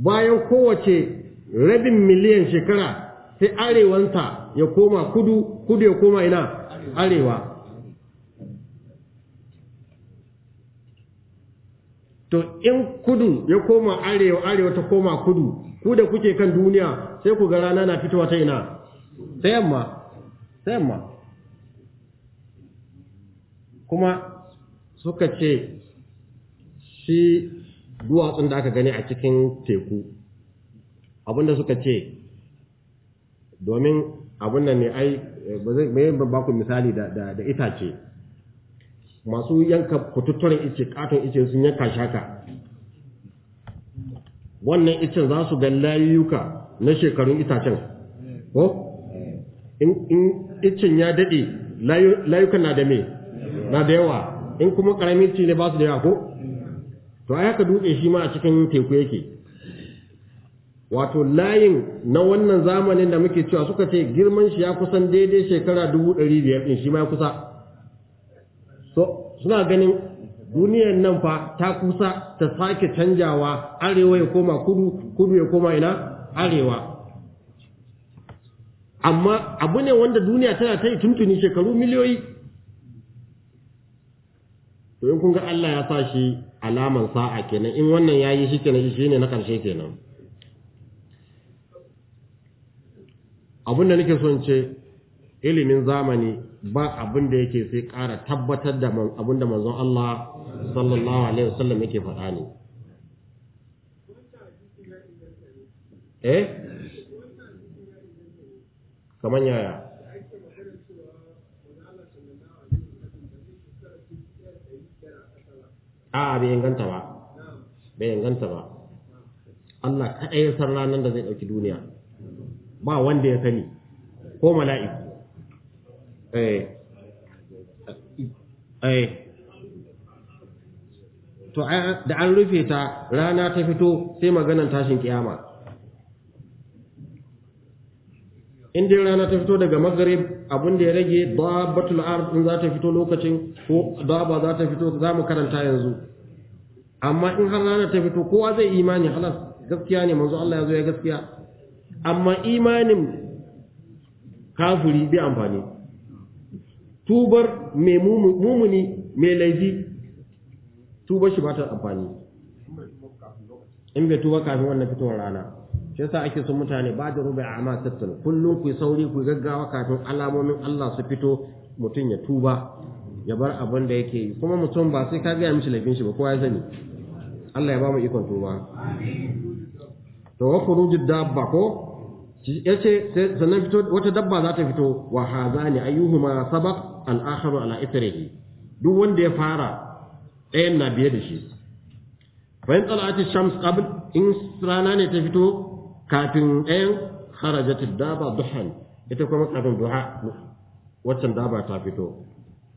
bayan kowace rabin miliyan shekara sai arewanta ya koma kudu kudu ya koma ina arewa to in kudu ya koma arewa arewa ta koma kudu ku da kuke kan duniya sai ku ga rana na fitowa ta ina ta yamma sai ma kuma suka ce shi duwatsun da aka gani a cikin teku abinda suka ce domin abin ne ai ba ba ku misali da itace masu yanka kututturin ice katon ice sun yanka shaka wannan icen za su ga layuka na shekarun itacen ko in Iccin ya daɗe layukan na da me na da yawa in kuma ƙaramin ci ne ba su da yawa ko to ai haka dutse shi ma a cikin teku yake wato layin na wannan zamanin da muke cewa suka ce girman shi ya kusan daidai shekara dubu ɗari biyar ɗin shi ma ya kusa so suna ganin duniyar nan fa ta kusa ta sake canjawa arewa ya koma kudu kudu ya koma ina arewa amma abu ne wanda duniya tana ta yi tuntuni shekaru miliyoyi to yin kun ga Allah ya sa shi alaman sa'a kenan in wannan ya yi shi kenan shi ne na karshe kenan abin nake son ce ilimin zamani ba abin da yake sai ƙara tabbatar da abin da manzon Allah sallallahu alaihi wasallam yake faɗa ne eh kaman yaya a bai inganta ba bai inganta ba Allah kaɗai ya san ranar da zai ɗauki duniya ba wanda ya sani ko mala'iku eh eh to da an rufe ta rana ta fito sai maganan tashin kiyama in dai rana ta fito daga maghrib abin da ya rage dabbatul ard in za ta fito lokacin ko daba za ta fito za mu karanta yanzu amma in har rana ta fito kowa zai imani halas gaskiya ne manzo Allah ya zo ya gaskiya amma imanin kafiri bi amfani tubar mai mumuni mai laifi tubar shi ba ta amfani in bai tuba kafin wannan fitowar rana yasa ake son mutane ba da rubai a amma tattun kullum ku sauri ku gaggawa kafin alamomin Allah su fito mutum ya tuba ya bar abin da yake yi kuma mutum ba sai ka gaya mishi laifin shi ba kowa ya sani Allah ya ba mu ikon tuba to wa khurujud dabba ko yace sannan fito wata dabba za ta fito wa hazani ayyuhuma sabaq al-akharu ala ithrihi duk wanda ya fara ɗayan na biye da shi bayan tsala'ati shams qabl in rana ne ta fito kafin ɗayan kharajat daba duhan ita kuma kafin duha waccan daba ta fito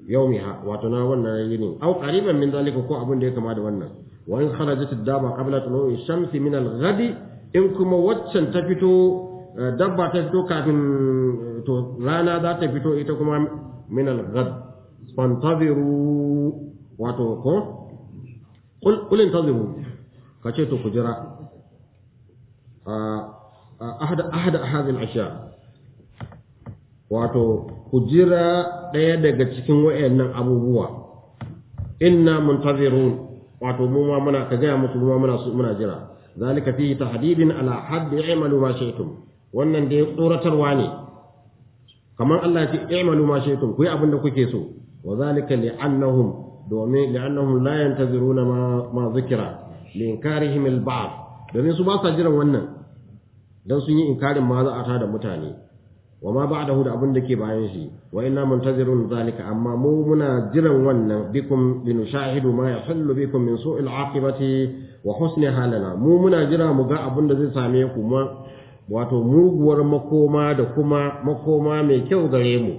yaumiha wato na wannan yinin au qariban min zalika ko abin da ya kama da wannan wa in kharajat daba qabla tulu'i shamsi min al-ghadi in kuma waccan ta fito eh, dabba ta fito kafin eh, to rana za ta fito ita kuma min al-ghad fantaziru wato ko qul qul intaziru kace to ku jira ahad ahad hadhihi al asha wato kujira daya daga cikin wayannan abubuwa inna muntazirun wato mu ma muna ka gaya musu mu ma muna muna jira zalika fi tahdidin ala hadd i'malu ma shaytum wannan dai tsoratarwa ne kamar Allah ya ce i'malu ma shaytum ku yi abin da kuke so wa zalika li'annahum domin li'annahum la yantaziruna ma ma zikra li inkarihim al-ba'd domin su ba sa jiran wannan dan sun yi inkarin ma za a mutane wa ma ba'dahu da abin da ke bayan shi wa inna muntazirun zalika amma mu muna jiran wannan bikum shahidu ma yahullu bikum min su'il aqibati wa husni halana mu muna jira mu ga abin da zai same ku ma wato muguwar makoma da kuma makoma mai kyau gare mu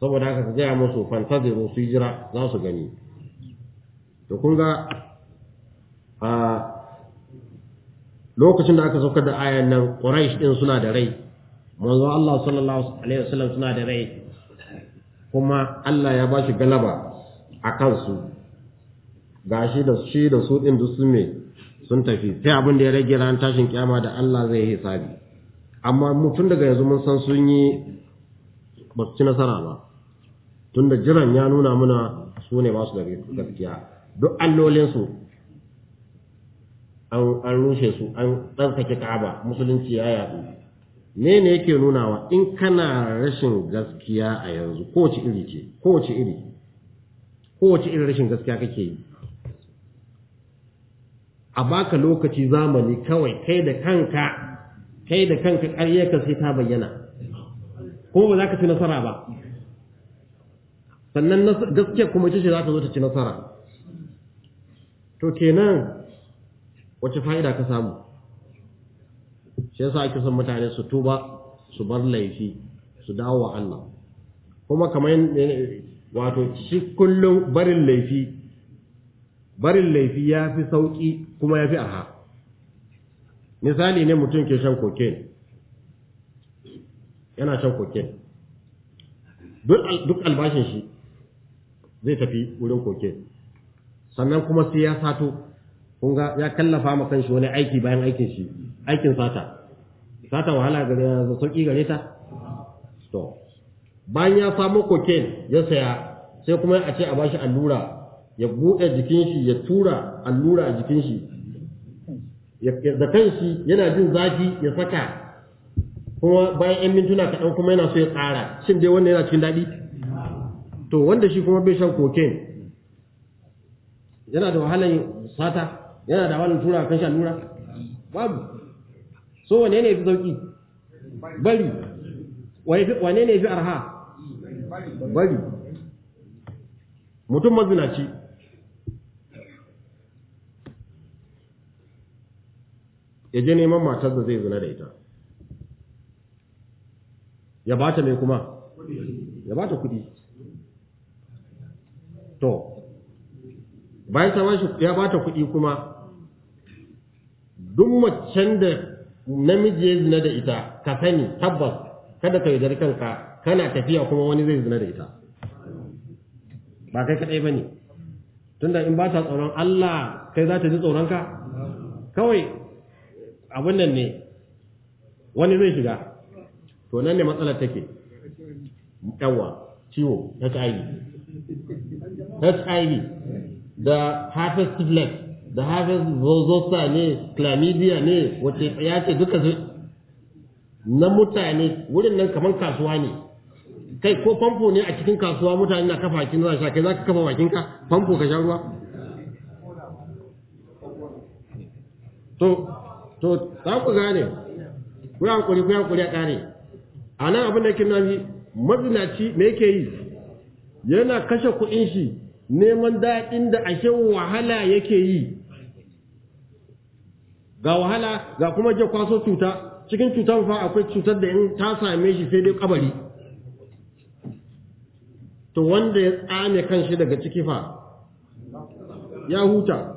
saboda haka ka gaya musu fantaziru su jira za su gani to kun ga a lokacin da aka saukar da ayan nan quraish din suna da rai manzo Allah sallallahu alaihi wasallam suna da rai kuma Allah ya bashi galaba a kansu gashi da shi da su din su me sun tafi sai abin da ya rage ran tashin kiyama da Allah zai hisabi amma mutum daga yanzu mun san sun yi ba ci nasara ba tunda jiran ya nuna muna su ne ba su da gaskiya duk allolinsu an rushe su an tsarkake ka'aba musulunci ya yadu me ne yake nunawa in kana rashin gaskiya a yanzu kowace iri ce kowace iri kowace iri rashin gaskiya kake yi a baka lokaci zamani kawai kai da kanka kai da kanka ƙaryarka sai ta bayyana ko ba za ka ci nasara ba sannan gaskiya kuma ce za ta zo ta ci nasara to kenan wace fa'ida ka samu shi yasa ake son mutane su tuba su bar laifi su dawo wa Allah kuma kamar wato shi kullum barin laifi barin laifi ya fi sauƙi kuma ya fi arha misali ne mutum ke shan cocaine yana shan cocaine duk albashin shi zai tafi wurin cocaine sannan kuma sai ya sato kun ga ya kallafa ma kanshi wani aiki bayan aikin shi aikin sata sata wahala gare ya sauki gare ta to bayan ya samu cocaine ya saya sai kuma a ce a bashi allura ya bude jikin shi ya tura allura a jikin shi da kanshi yana jin zafi ya saka kuma bayan 'yan mintuna kaɗan kuma yana so ya tsara shin dai wanda yana cikin daɗi to wanda shi kuma bai shan cocaine yana da wahalar sata yana da wani tura kan shan nura babu so wane ne fi sauki bari wane ne fi arha bari mutum mazinaci ya je neman matar da zai zina da ita ya ba ta mai kuma ya ba ta kudi to bayan shi ya ba ta kudi kuma duk macen da namiji ya zina da ita ka sani tabbas kada ka yaudar kanka kana tafiya kuma wani zai zina da ita ba kai kadai bane tunda in ba ta tsoron Allah kai za ta ji tsoron ka kawai abin nan ne wani zai shiga to nan ne matsalar take yawa ciwo HIV HIV da herpes simplex da harvest zozosa ne chlamydia ne wace tsaya ce duka su na mutane wurin nan kamar kasuwa ne kai ko famfo ne a cikin kasuwa mutane na kafa bakin za sha kai za ka kafa bakin ka famfo ka sha ruwa to to za ku gane ku yi hankuri ku yi hankuri a kare a nan abin da ke nami mazinaci me yake yi yana kashe kuɗin shi neman daɗin da ashe wahala yake yi ga wahala ga kuma je kwaso cuta cikin cutar fa akwai cutar da in ta same shi sai dai kabari to wanda ya tsame kanshi daga ciki fa ya huta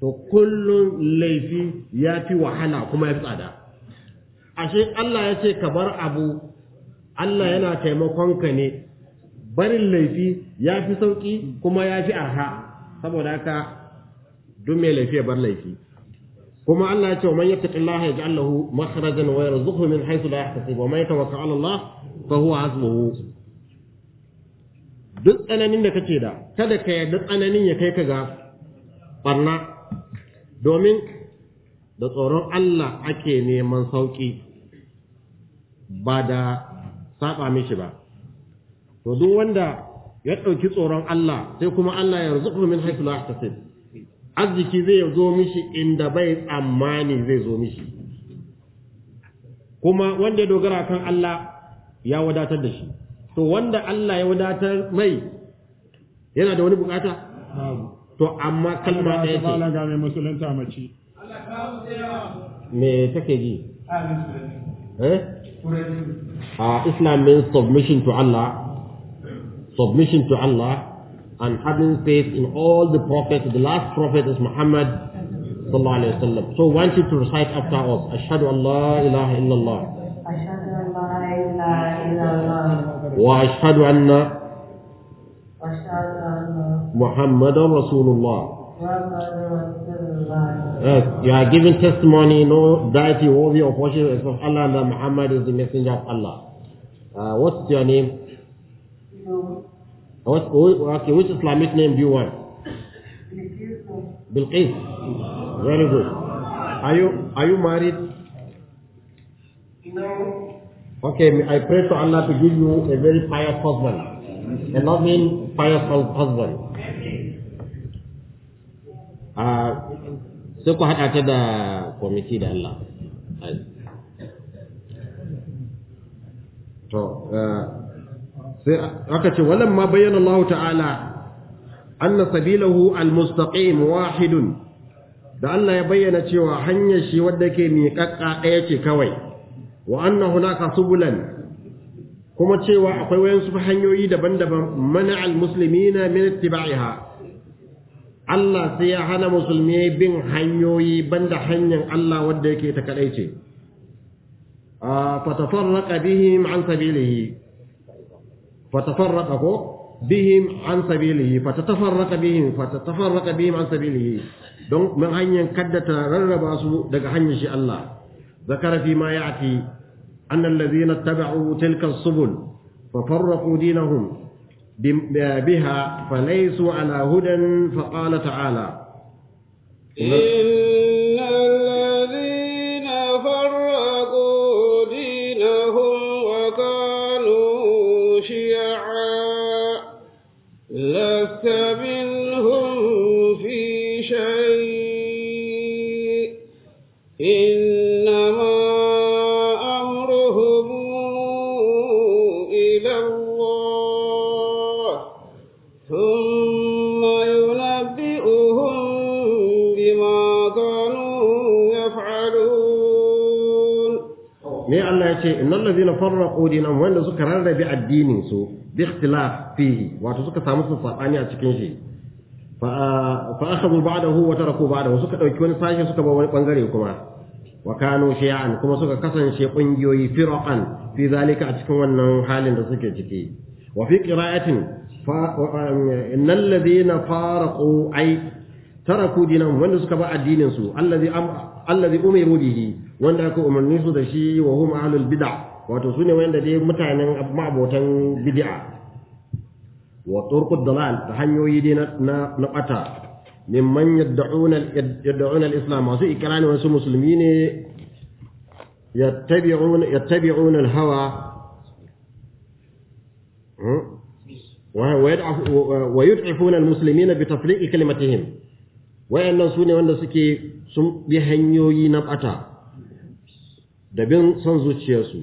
to kullum laifi ya fi wahala kuma ya tsada ashe Allah ya ce ka bar abu Allah yana taimakonka ne barin laifi ya fi sauƙi kuma ya fi arha saboda haka duk mai laifi ya bar laifi kuma Allah ya ce wa man ya yaj'al lahu makhrajan wa yarzuqhu min haythu la yahtasib wa man yatawakkal 'ala Allah fa huwa hasbuhu duk tsananin da kake da kada ka yarda tsananin ya kai ka ga barna domin da tsoron Allah ake neman sauki ba da saba mishi ba to duk wanda ya ɗauki tsoron Allah sai kuma Allah ya rizuku min haythu la yahtasib arziki zai zo mishi inda bai tsammani zai zo mishi kuma wanda ya dogara kan Allah ya wadatar da shi to wanda Allah ya wadatar mai yana da wani bukata to amma kalma ɗaya ce Allah ga mai musulunta mace me take ji eh a ah, islam means submission to Allah submission to Allah and having faith in all the prophets, the last prophet is Muhammad sallallahu alayhi wasallam. So want you to recite after us, Ashhadu an la ilaha illallah. Wa ashhadu anna Muhammadan Rasulullah. Yes, you are giving testimony, no deity worthy of worship except Allah, and Muhammad is the messenger of Allah. Uh, what's your name? What, okay, which Islamic name do you want? Bilqis. Very good. Are you, are you married? No. Okay, I pray to Allah to give you a very pious husband. A loving, pious husband. Uh, so ku haɗa ta the kwamiti da Allah. To, sai aka ce ma bayyana Allah ta'ala anna sabilahu almustaqim wahidun da Allah ya bayyana cewa hanyar shi wadda ke miƙaƙƙa ɗaya ce kawai wa anna hunaka subulan kuma cewa akwai wayansu hanyoyi daban-daban mana almuslimina min ittiba'iha Allah sai ya hana musulmi bin hanyoyi banda hanyar Allah wadda yake ta kaɗai ce fatafarraqa bihim an sabilihi فتفرق bihim an sabilihi fatatafarraqa bihim fatatafarraqa bihim an sabilihi don mun kadda ta rarraba su daga hanyar shi Allah zakara fi ma ya'ti anna allazina tabau tilka as-subul fafarraqu dinahum biha falaysu ala hudan faqala سبيلا me Allah ya ce innal ladina farraqu dinahum wanda suka rarrabe addinin su bi fihi wato suka samu su sabani a cikin shi fa fa akhadhu ba'dahu wa taraku ba'dahu suka dauki wani sashi suka bar wani bangare kuma wa kanu shay'an kuma suka kasance kungiyoyi firaqan fi zalika a cikin wannan halin da suke ciki wa fi qira'atin fa um, innal ladina faraqu ay taraku dinahum wanda suka bar addinin su allazi allazi umiru bihi wanda aka umarni su da shi wa hum ahlul bid'a wato sune wanda dai mutanen ma'abotan bid'a wa turqud dalal ta hanyoyi dai na na bata mimman yad'una yad'una al-islam wasu ikrani wasu musulmi ne yattabi'una yattabi'una al-hawa ويدعفون المسلمين بتفريق كلمتهم وأن سوني وأن سكي سم بهنيوي نبأتا da bin son zuciyarsu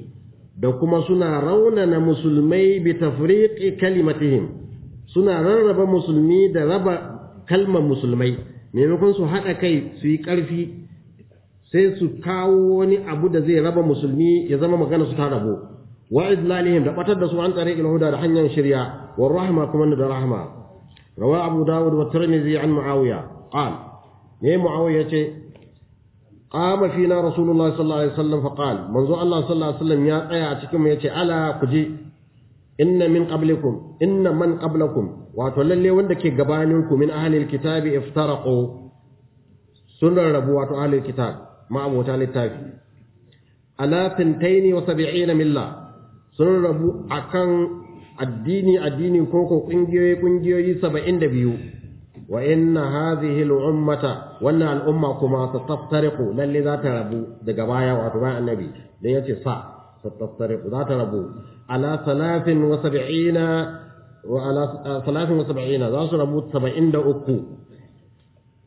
da kuma suna raunana musulmai bi tafriqi kalimatihim suna rarraba musulmi da raba kalmar musulmai maimakon su haɗa kai su yi ƙarfi sai su kawo wani abu da zai raba musulmi ya zama magana su ta rabo wa izlalihim da batar da su an tsare ilhuda da hanyar shirya wa rahma kuma da rahma rawa abu dawud wa tirmidhi an muawiya qal ne muawiya ce qama fina rasulullahi sallallahu alaihi wasallam faqal Allah sallallahu ya tsaya a cikin mu yace ala kuje inna min qablikum inna man qablakum wato lalle wanda ke gabanin ku min ahlil kitabi iftaraqu sun rabu wato ahlil kitab ma abota littafi ala 72 milla sun rabu kan addini addini ko ko kungiyoyi kungiyoyi 72 وإن هذه الأمة وأن الأمة كما ستفترق للي ذات ربو دقبايا وأتباع النبي ليتي صع ستفترق ذات ربو على ثلاث وسبعين وعلى ثلاث وسبعين ذات ربو سبعين دأكو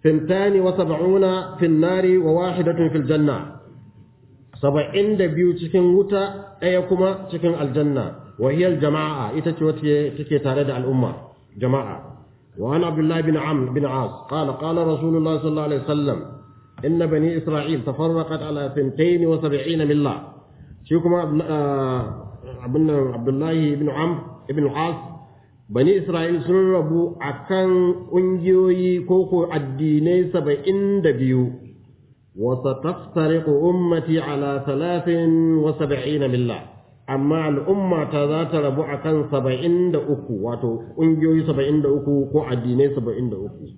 ثنتان وسبعون في النار وواحدة في الجنة سبعين دبيو تكن وتا أيكما تكن الجنة وهي الجماعة إتتوتي تكي تارد الأمة جماعة وعن عبد الله بن عمرو بن عاص قال قال رسول الله صلى الله عليه وسلم إن بني إسرائيل تفرقت على ثنتين وسبعين ملة شيكما عبد الله بن عمرو بن العاص bani Isra'il sun rabu a kan ƙungiyoyi ko ko addinai saba'in da biyu, wasa taftare ummati ala talatin wa saba'ina millah. amma al'umma ta za ta rabu a kan saba'in da uku wato ƙungiyoyi saba'in da uku ko addinai saba'in da uku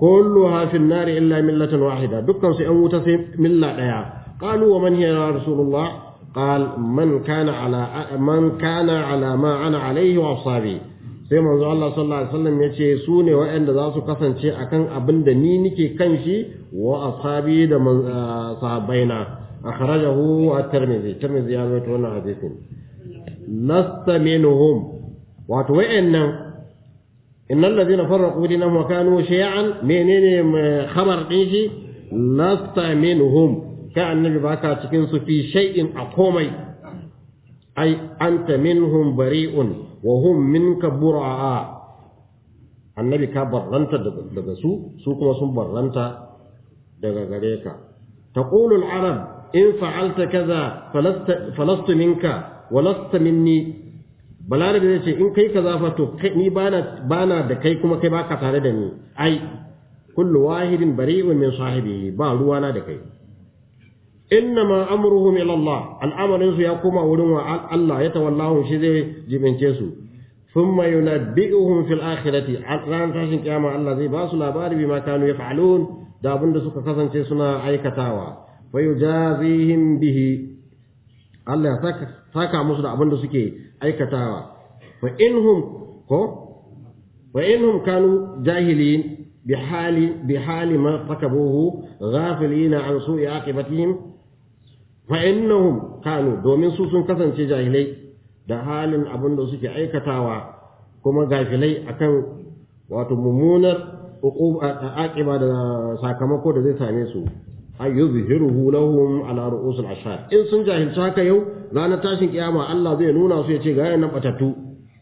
kullu hafin nari illa millatan wahida dukkan su ‘yan wuta sai milla ɗaya ƙalu wa man hiyar rasulullah qal man kana ala man kana ala ma ana alaihi wa sabi sai manzo Allah sallallahu alaihi wasallam ce su ne waɗanda za su kasance akan abin da ni nike kan shi wa ashabi da ah, sahabbaina akhrajahu at-tirmidhi tirmidhi ya rawaito wannan hadisin lasta minhum wato wayannan innal ladina farraqu dinahum wa kanu shay'an menene khabar din shi lasta minhum ka annabi baka cikin su fi shay'in a komai ai anta minhum bari'un wa hum minka bura'a annabi ka barranta daga su su kuma sun barranta daga gare ka taqulu al-arab in fa'alta kaza falastu minka walasta minni balarabe zai ce in kai kaza fa to ni bana bana da kai kuma kai baka tare da ni ai kullu wahidin bari'un min sahibihi ba ruwana da kai inna ma amruhum ila Allah al'amarin su ya koma wurin wa Allah ya tawallahu shi zai jibince su thumma yunabbi'uhum fil akhirati ran tashin kiyama Allah zai ba su labari bima kanu yaf'alun da abinda suka kasance suna aikatawa fayujazihim bihi Allah ya saka musu da abin da suke aikatawa fa inhum ko wa inhum kanu jahilin ma takabuhu ghafilina an su'i aqibatihim fa innahum kanu domin su sun kasance jahilai da halin abin da suke aikatawa kuma gafilai akan wato mummunar aqiba da sakamako da zai same su ayuzhiruhu lahum ala ru'usil ashhar in sun jahilci haka yau ranar tashin kiyama Allah zai nuna su ya ce ga nan batatu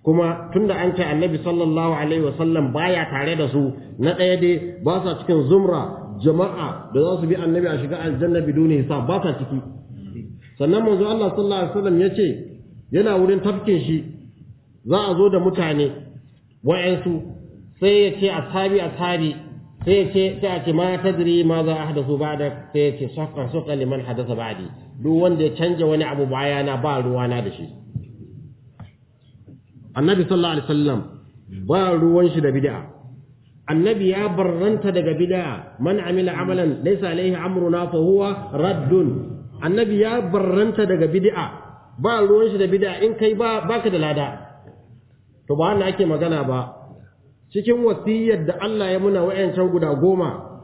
kuma tunda an ce Annabi sallallahu alaihi wasallam baya tare da su na ɗaya dai ba sa cikin zumra jama'a da za su bi Annabi a shiga aljanna biduni hisab ba sa ciki sannan manzo Allah sallallahu alaihi wasallam yace yana wurin tafkin shi za a zo da mutane wa'ansu sai ya ce ashabi ashabi sai ce sai a ce ma tadri ma za a hadasu ba da sai ce sokka sokka liman hadasa ba'di duk wanda ya canja wani abu bayana ba ruwana da shi annabi sallallahu alaihi wasallam ba ruwan shi da bid'a annabi ya barranta daga bid'a man amila amalan laysa alaihi amruna fa huwa raddun annabi ya barranta daga bid'a ba ruwan shi da bid'a in kai ba baka da lada to ba na ake magana ba cikin wasiyar da Allah ya muna wa'ancan guda goma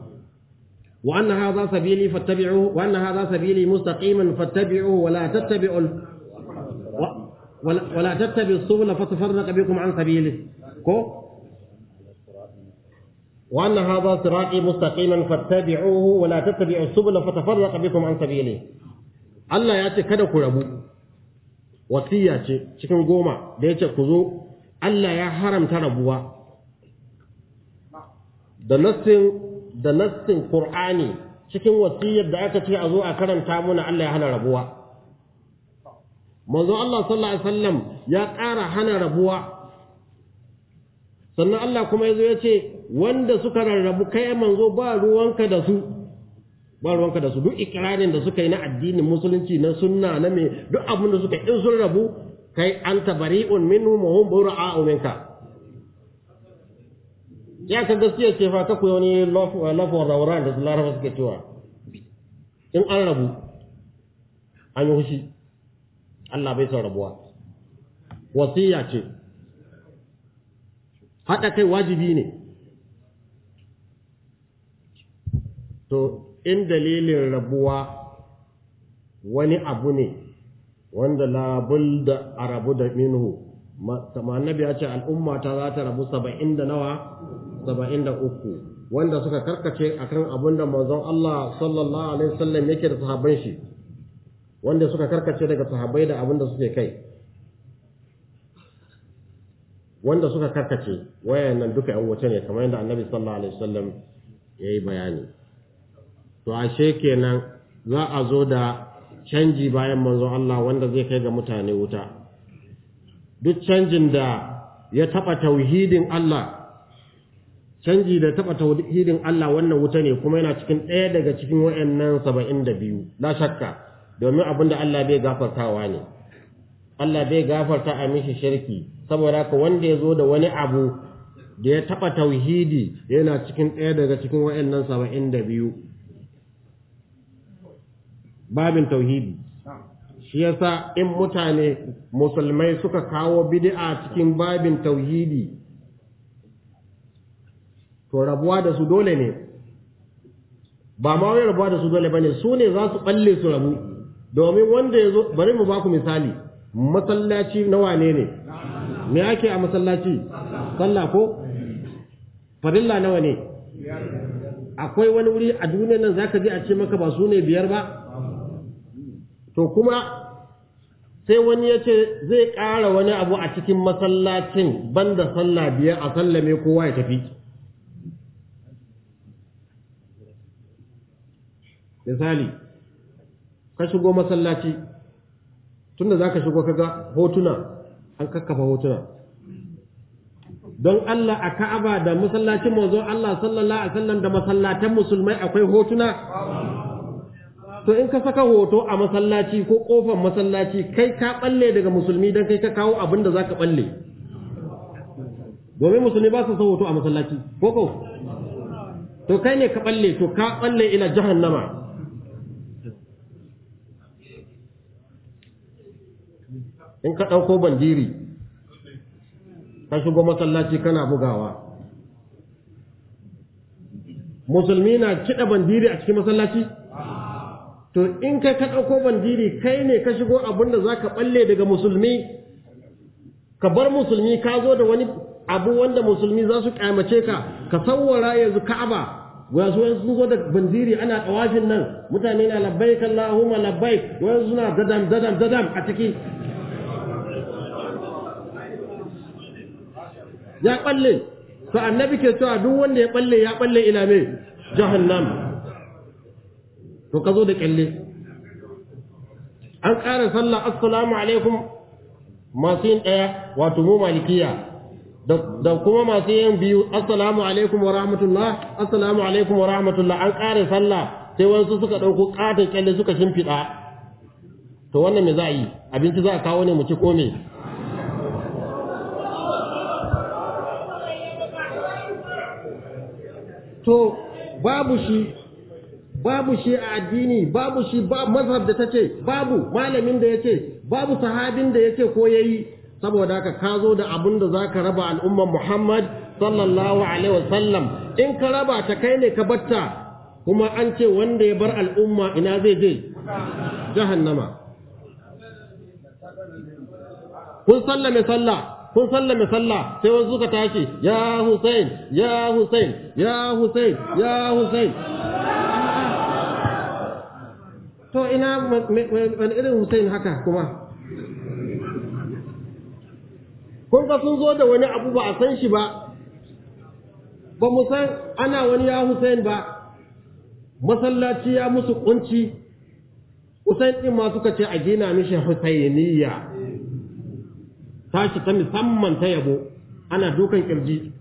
wa anna hadha sabili fattabi'uhu wa anna hadha sabili mustaqiman fattabi'uhu wa la tattabi'u wa la tattabi'u subula fatafarraqa bikum an sabili ko wa anna hadha sirati mustaqiman fattabi'uhu wa la tattabi'u subula fatafarraqa bikum an sabili Allah ya ce kada ku rabu wasiya ce cikin goma da yace ku zo Allah ya haramta rabuwa da nassin da nassin Qur'ani cikin wasiyyar da aka ce a zo a karanta muna Allah ya hana rabuwa manzo Allah sallallahu alaihi wasallam ya ƙara hana rabuwa sannan Allah kuma yazo ya ce wanda suka rarrabu kai manzo ba ruwanka da su ba ruwanka da su duk ikirarin da suka yi na addinin musulunci na sunna na me duk abin da suka in sun rabu kai anta bari'un minhum wa hum bura'a'u minka ya ka gaskiya ce fa ta koyi wani lafiyar uh, rawara da su laraba suke cewa in an rabu an yi hushi Allah bai son rabuwa wasiya ce haɗa kai wajibi ne to in dalilin rabuwa wani abu ne wanda labul da a rabu da minhu annabi ya ce al'umma ta za ta rabu saba'in da nawa saba'in da uku wanda suka karkace akan abin da manzon Allah sallallahu alaihi wasallam yake da sahabban shi wanda suka karkace daga sahabbai da abin da suke kai wanda suka karkace wayannan duka yan wuce ne kamar yadda annabi sallallahu alaihi wasallam ya yi bayani to ashe kenan za a zo da canji bayan manzon Allah wanda zai kai ga mutane wuta duk canjin da ya taɓa tauhidin Allah canji da taɓa tauhidin Allah wannan wuta ne kuma yana cikin ɗaya daga cikin wa'annan saba'in da biyu la shakka domin abinda Allah bai gafartawa ne Allah bai gafarta a mishi shirki saboda ka wanda ya zo da wani abu da ya taɓa tauhidi yana cikin ɗaya daga cikin wa'annan saba'in da biyu babin tauhidi shi yasa in mutane musulmai suka kawo bid'a cikin babin tauhidi to rabuwa da su dole ne ba ma wani rabuwa da su dole bane su ne za su balle su rabu domin wanda ya zo bari mu baku misali masallaci na wane ne me ake a masallaci sallah ko farilla nawa ne akwai wani wuri a duniyar nan zaka ji a ce maka ba su ne biyar ba to kuma sai wani ya ce zai ƙara wani abu a cikin masallacin banda sallah biyar a sallame kowa ya tafi misali ka shigo masallaci tunda za ka shigo kaga hotuna an kakkafa hotuna don Allah a Ka'aba da masallacin manzo Allah sallallahu alaihi wasallam da masallatan musulmai akwai hotuna to in ka saka hoto a masallaci ko kofar masallaci kai ka balle daga musulmi dan kai ka kawo abin da zaka balle domin musulmi ba su san hoto a masallaci ko ko to kai ne ka balle to ka balle ila jahannama in ka ɗauko bandiri ka shigo masallaci kana bugawa musulmi na kiɗa bandiri a cikin masallaci to in kai ka ɗauko bandiri kai ne ka shigo abin da za ka ɓalle daga musulmi ka bar musulmi ka zo da wani abu wanda musulmi za su ƙyamace ka ka sauwara yanzu ka'aba su wani sun zo da bandiri ana tsawafin nan mutane na labbaik Allahumma labbaik waya suna dadam dadam dadam a ciki ya balle to annabi ke cewa duk wanda ya balle ya balle ila mai jahannam to ka zo da ƙyalle. an ƙara sallah assalamu alaikum masu yin ɗaya wato mu malikiya da kuma masu yin biyu assalamu alaikum wa rahmatullah assalamu alaikum wa rahmatullah an ƙare sallah sai wasu suka ɗauko ƙaton ƙyalle suka shimfiɗa to wannan me za a yi abinci za a kawo ne mu ci ko me to babu shi babu shi a addini babu shi ba mazhab da tace babu malamin da yace babu sahabin da yace ko yayi saboda haka ka zo da abin da zaka raba al'ummar Muhammad sallallahu alaihi sallam. in ka raba ta kai ne ka batta kuma an ce wanda ya bar al'umma ina zai je jahannama kun sallame sallah kun sallame sallah sai wasu suka tashi ya Hussein ya Hussein ya Hussein ya Hussein to ina wani irin Hussein haka kuma kun ga sun zo da wani abu ba a san shi ba ba mu san ana wani ya Hussein ba masallaci ya musu kunci Hussein din ma suka ce a gina mishi Husainiyya tashi ta musamman ta yabo ana dukan kirji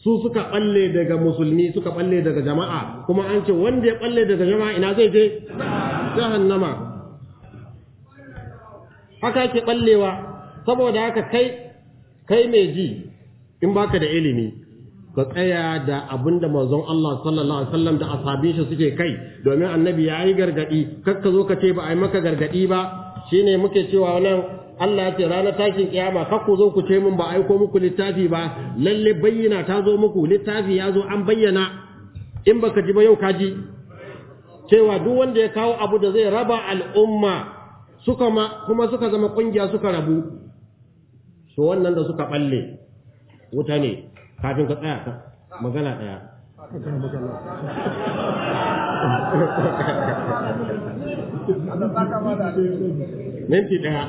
su suka balle daga musulmi suka balle daga jama'a kuma an ce wanda ya balle daga jama'a ina zai je jahannama haka ke ballewa saboda haka kai kai mai ji in baka da ilimi ka tsaya da abinda da manzon Allah sallallahu alaihi wasallam da ashabin shi suke kai domin annabi yayi gargadi kakka zo ka ce ba a yi maka gargadi ba shine muke cewa nan Allah ya ce ranar tashin kiyama ka ku zo ku ce mun ba aiko muku littafi ba lalle bayyana ta zo muku littafi ya zo an bayyana in baka ji ba yau ka ji cewa duk wanda ya kawo abu da zai raba al'umma suka ma kuma suka zama kungiya suka rabu so wannan da suka balle wuta ne kafin ka tsaya magana daya minti ɗaya,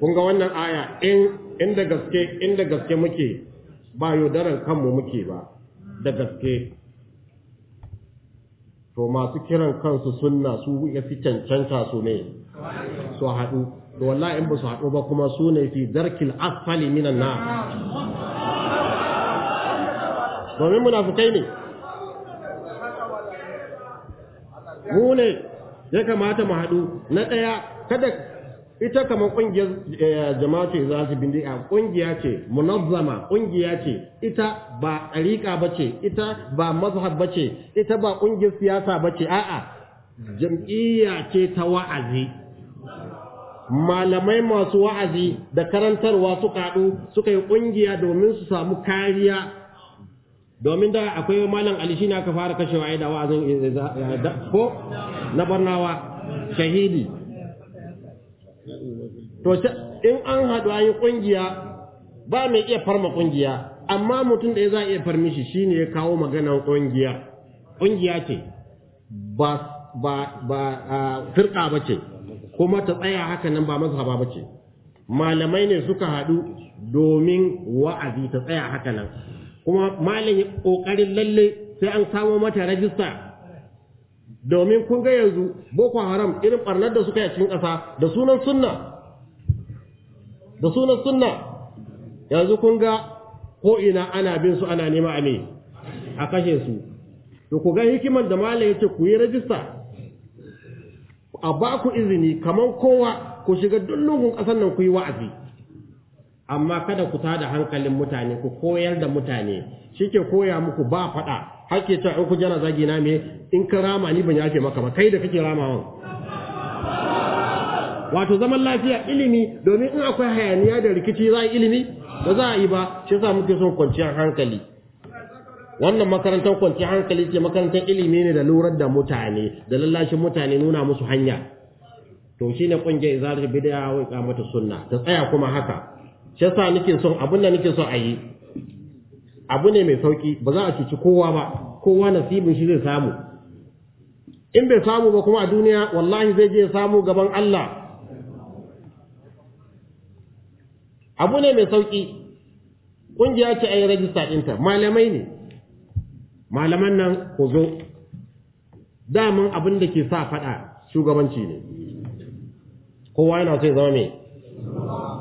kun ga wannan aya in inda gaske inda gaske muke ba yaudaran kanmu muke ba da gaske to masu kiran kansu sunna su ya fi cancanta su ne su haɗu da wallahi in ba su haɗu ba kuma su ne fi darkil asfali minan na domin munafukai ne Mune, ya kamata mu haɗu na ɗaya kada ita kamar ƙungiyar eh, jama'a ce za su bindiga ƙungiya ce munazzama ƙungiya ce ita ba ɗariƙa ba ce ita ba mazhab ba ce ita ba ƙungiyar siyasa ba ce a'a jam'iyya ce ta wa'azi malamai masu wa'azi da karantarwa suka kaɗu suka yi ƙungiya domin su samu kariya domin da akwai malam ali shi ne aka fara kashe waye da wa'azin eh, eh, ko na barnawa shahidi to in an haɗu ayi ƙungiya ba mai iya farma ƙungiya amma mutum da ya za a iya farmi shi shine ya kawo maganar ƙungiya ƙungiya ce ba ba ba firka ba ce kuma ta tsaya haka nan ba mazhaba ba ce malamai ne suka haɗu domin wa'azi ta tsaya haka nan kuma malam ƙoƙarin lalle sai an samo mata rajista domin kun ga yanzu boko haram irin barnar da suka yi cikin ƙasa da sunan sunna da sunan sunna yanzu kun ga ko ana bin su ana nema a ne a kashe su to ku ga hikimar da malam yace ku yi rajista a ba ku izini kamar kowa ku shiga duk lungun ƙasar nan ku yi wa'azi amma kada ku tada hankalin mutane ku koyar da mutane shike koya muku ba fada hake ta ku jana zagi na me in ka rama ni ban yafe maka ba kai da kake rama ramawan wato zaman lafiya ilimi domin in akwai hayaniya da rikici za a ilimi ba za a yi ba shi yasa muke son kwanciyar hankali wannan makarantar kwanciyar hankali ce makarantar ilimi ne da lura da mutane da lallashin mutane nuna musu hanya to shine kungiyar izalul bid'a wa iqamatu sunna ta tsaya kuma haka shi sa nake son abin da nake son a abu ne mai sauki ba za a cuci kowa ba kowa nasibin shi zai samu in bai samu ba kuma a duniya wallahi zai je samu gaban Allah abu ne mai sauki kungiya ce a yi rajista ɗinta malamai ne malaman nan ku zo daman abin da ke sa faɗa shugabanci ne kowa yana so ya zama mai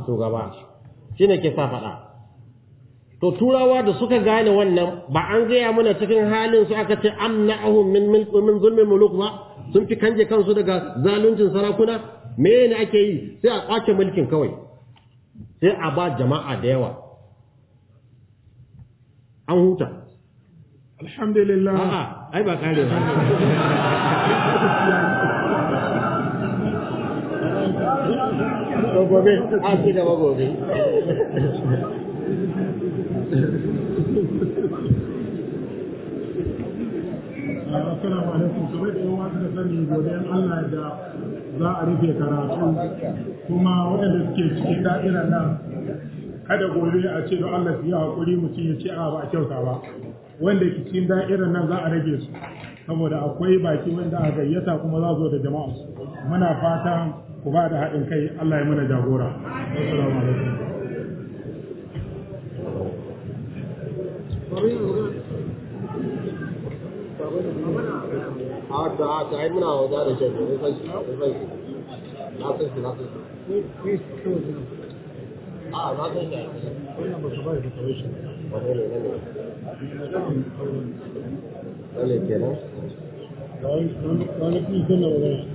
shugaba shine ke sa faɗa to turawa da suka gane wannan ba an gaya mana cikin halin su aka ce amna'ahum min milku min zulmin muluk ba sun fi kanje kansu daga zaluncin sarakuna me ne ake yi sai a kwace mulkin kawai sai a ba jama'a da yawa an huta alhamdulillah a'a ai ba kare ba to gobe a ci da yawa da sani godiyar Allah da za a rufe karatu kuma waɗanda suke cikin da'ira nan kada gobe a ce da Allah su yi hakuri mutum ya ce a ba kyauta ba wanda cikin da'irar nan za a rage su saboda akwai baki wanda a gayyata kuma za zo da jama'a muna fata ku ba da haɗin kai Allah ya mana jagora assalamu alaikum haka haka ai muna waza da shi ne sai shi sai shi na san shi na san shi a na san shi wannan ba su ba da kawai shi ba ne ne ne ne kenan wani kuma na wajen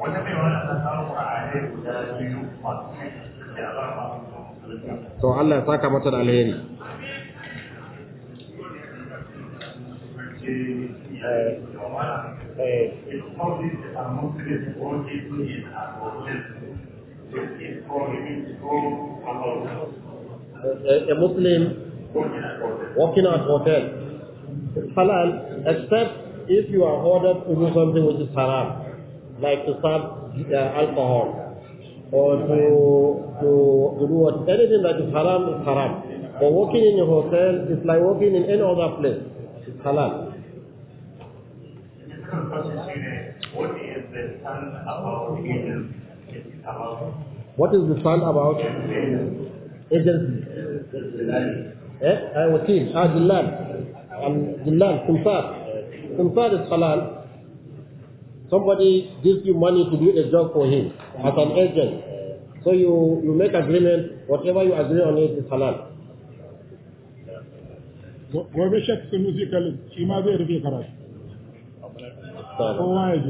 to Allah ya saka mata da alheri a Muslim walking at hotel. It's halal, except if you are ordered to do something which is haram like to serve uh, alcohol or to, to, do anything that is haram is haram. Or working in a hotel is like working in any other place. It's halal. What is the sun about agency? What is the sun about? Eh? I was team. Ah, Jillan. Jillan, is halal. Somebody gives you money to do a job for him as an agent. So you, you make agreement, whatever you agree on it is halal. shek kalin, shi ma zai rufe karatu. Kowa ya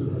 ji.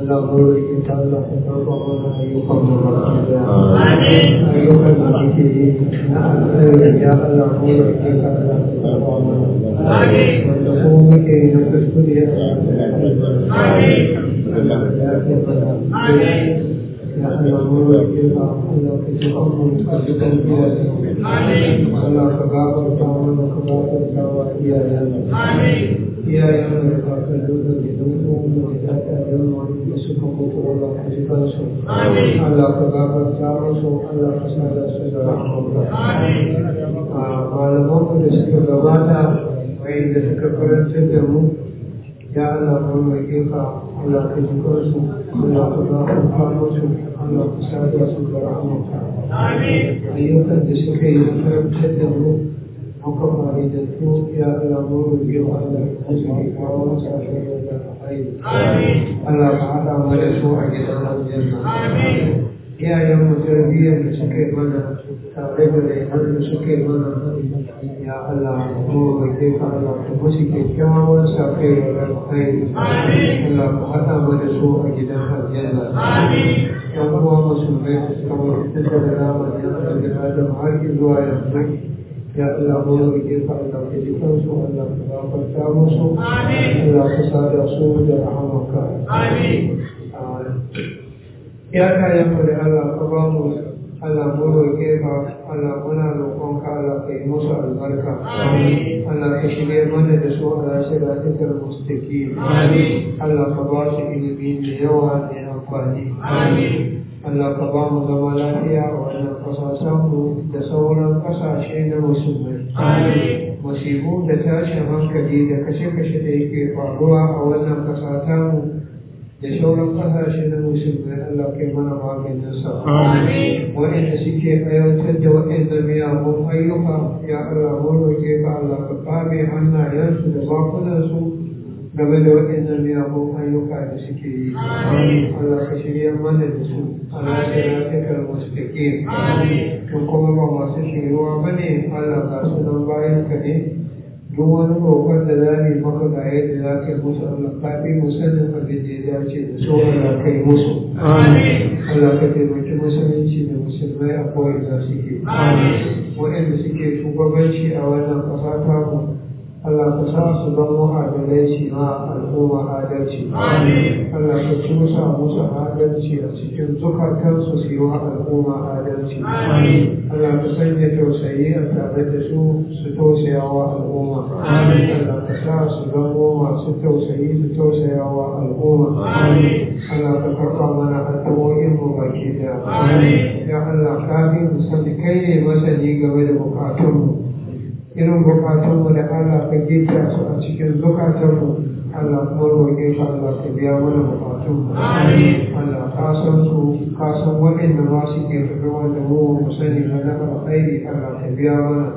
اللهم إن شاء الله تتوفقنا أيكم آمين أيها المعتدين يا اللهم إن شاء الله تتوفقنا آمين ونقوم بك إنك تسجد آمين آمين اللہ کا يا أيها الكافرون تدعون وتدعون सुखों को पूरा फिजिकल सुख अल्लाह खुदा का चारों सुख अल्लाह का सदा सदा होगा मालूमों को जिसको गवाता मैं जिसका करण से करूँ या अल्लाह को मैं का अल्लाह के जिक्र सुख अल्लाह खुदा का चारों सुख अल्लाह का सदा सदा होगा आमीन अय्यूब का जिसके तरफ से करूँ وكفى بالدسوق يا أبا نور وأهل أجمعين ورفع شر الخير ألا تعالى ويشفع إلى الجنة يا يوم التربية شكر منا تعرفني أن شكر منا يا الله نور كيف الله تمسك يا وسافر الخير ألا تعالى ويشفع إلى الجنة يا الله مسلمين كما تجعل لنا من يأتي هذا العاجز ويحميه ya Allah ko da ke fara da dukkan su Allah ka gafarta musu amin Allah ka sada su da amin ya kare Allah ka Allah mu roƙe Allah muna roƙon ka Allah yi musu albarka amin Allah ka mana da su a rashida ikal amin Allah ka ba ilimi mai yawa da amfani amin Allah ba mu zama lafiya a wannan ƙasashenmu da sauran ƙasashe na musulmai. Musibu da tashin hankali da kashe-kashe da yake faruwa a wannan ƙasa tamu da sauran ƙasashe na musulmai Allah kai mana maganinsa. Waɗanda suke aiwatar da waɗanda miyagun ayyuka ya Allah mun roƙe ka Allah ka kame hannayensu da bakunansu. game da waɗannan miyagun ayyuka da suke yi Allah ka shirya mana da su a rajin rafikar mustaƙi to kuma ba masu shiruwa ba ne Allah ga su bayan ka ne duk wani roƙon da za mu maka ga yadda za ka yi musu Allah ka fi musallin abin da ya dace da su Allah ka yi musu Allah ka taimaki musulunci da musulmai a kowai za su ke waɗanda suke shugabanci a wannan ƙasa ta mu Allah ka sa su zama adalai ma al'umma adalci. Allah ka cusa musu adalci a cikin zukatansu su yi al'umma adalci. Allah ka sanya tausayi a tare da su su tausaya wa al'umma. Allah ka sa su zama masu tausayi su tausaya wa al'umma. Allah ka karɓa mana addu'o'in mu baki da. Ya Allah ka bi mu sani kai ne masani game da bukatunmu. irin bukatunmu da Allah ka gita su a cikin zukatanmu Allah kuma roƙe ka Allah ka biya mana bukatunmu Allah ka san su na na alkhairi Allah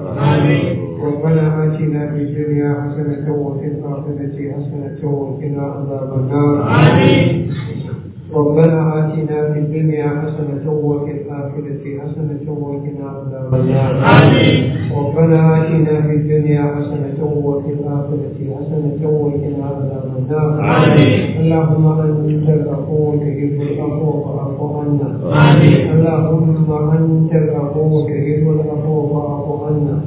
ربنا آتنا في الدنيا حسنة وفي الآخرة حسنة وقنا عذاب النار آمين ربنا آتنا في الدنيا حسنة وفي الآخرة حسنة وقنا عذاب النار ربنا آتنا في الدنيا حسنة وفي الآخرة حسنة وقنا عذاب النار اللهم أنت العفو تجيب العفو فاعف عنا اللهم أنت العفو تجيب العفو فاعف عنا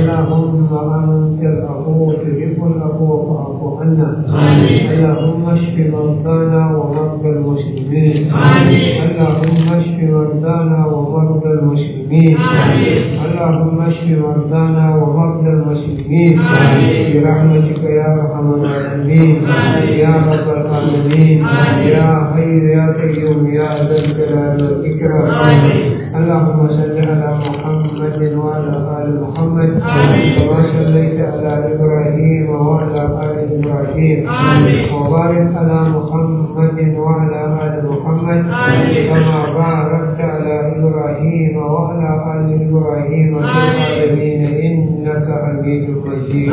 اللهم أنت العفو تجيب العفو فاعف عنا اللهم اشف مرضانا ومرضى المسلمين اللهم اشف مرضانا ومرضى المسلمين اللهم اشف مرضانا ومرضى المسلمين برحمتك يا ارحم الراحمين يا رب العالمين يا خير يا قيوم يا ذا الجلال والاكرام اللهم صل على محمد وعلى آل محمد كما صليت على إبراهيم وعلى آل إبراهيم وبارك على محمد وعلى آل محمد كما باركت على إبراهيم وعلى آل إبراهيم في العالمين إنك حميد مجيد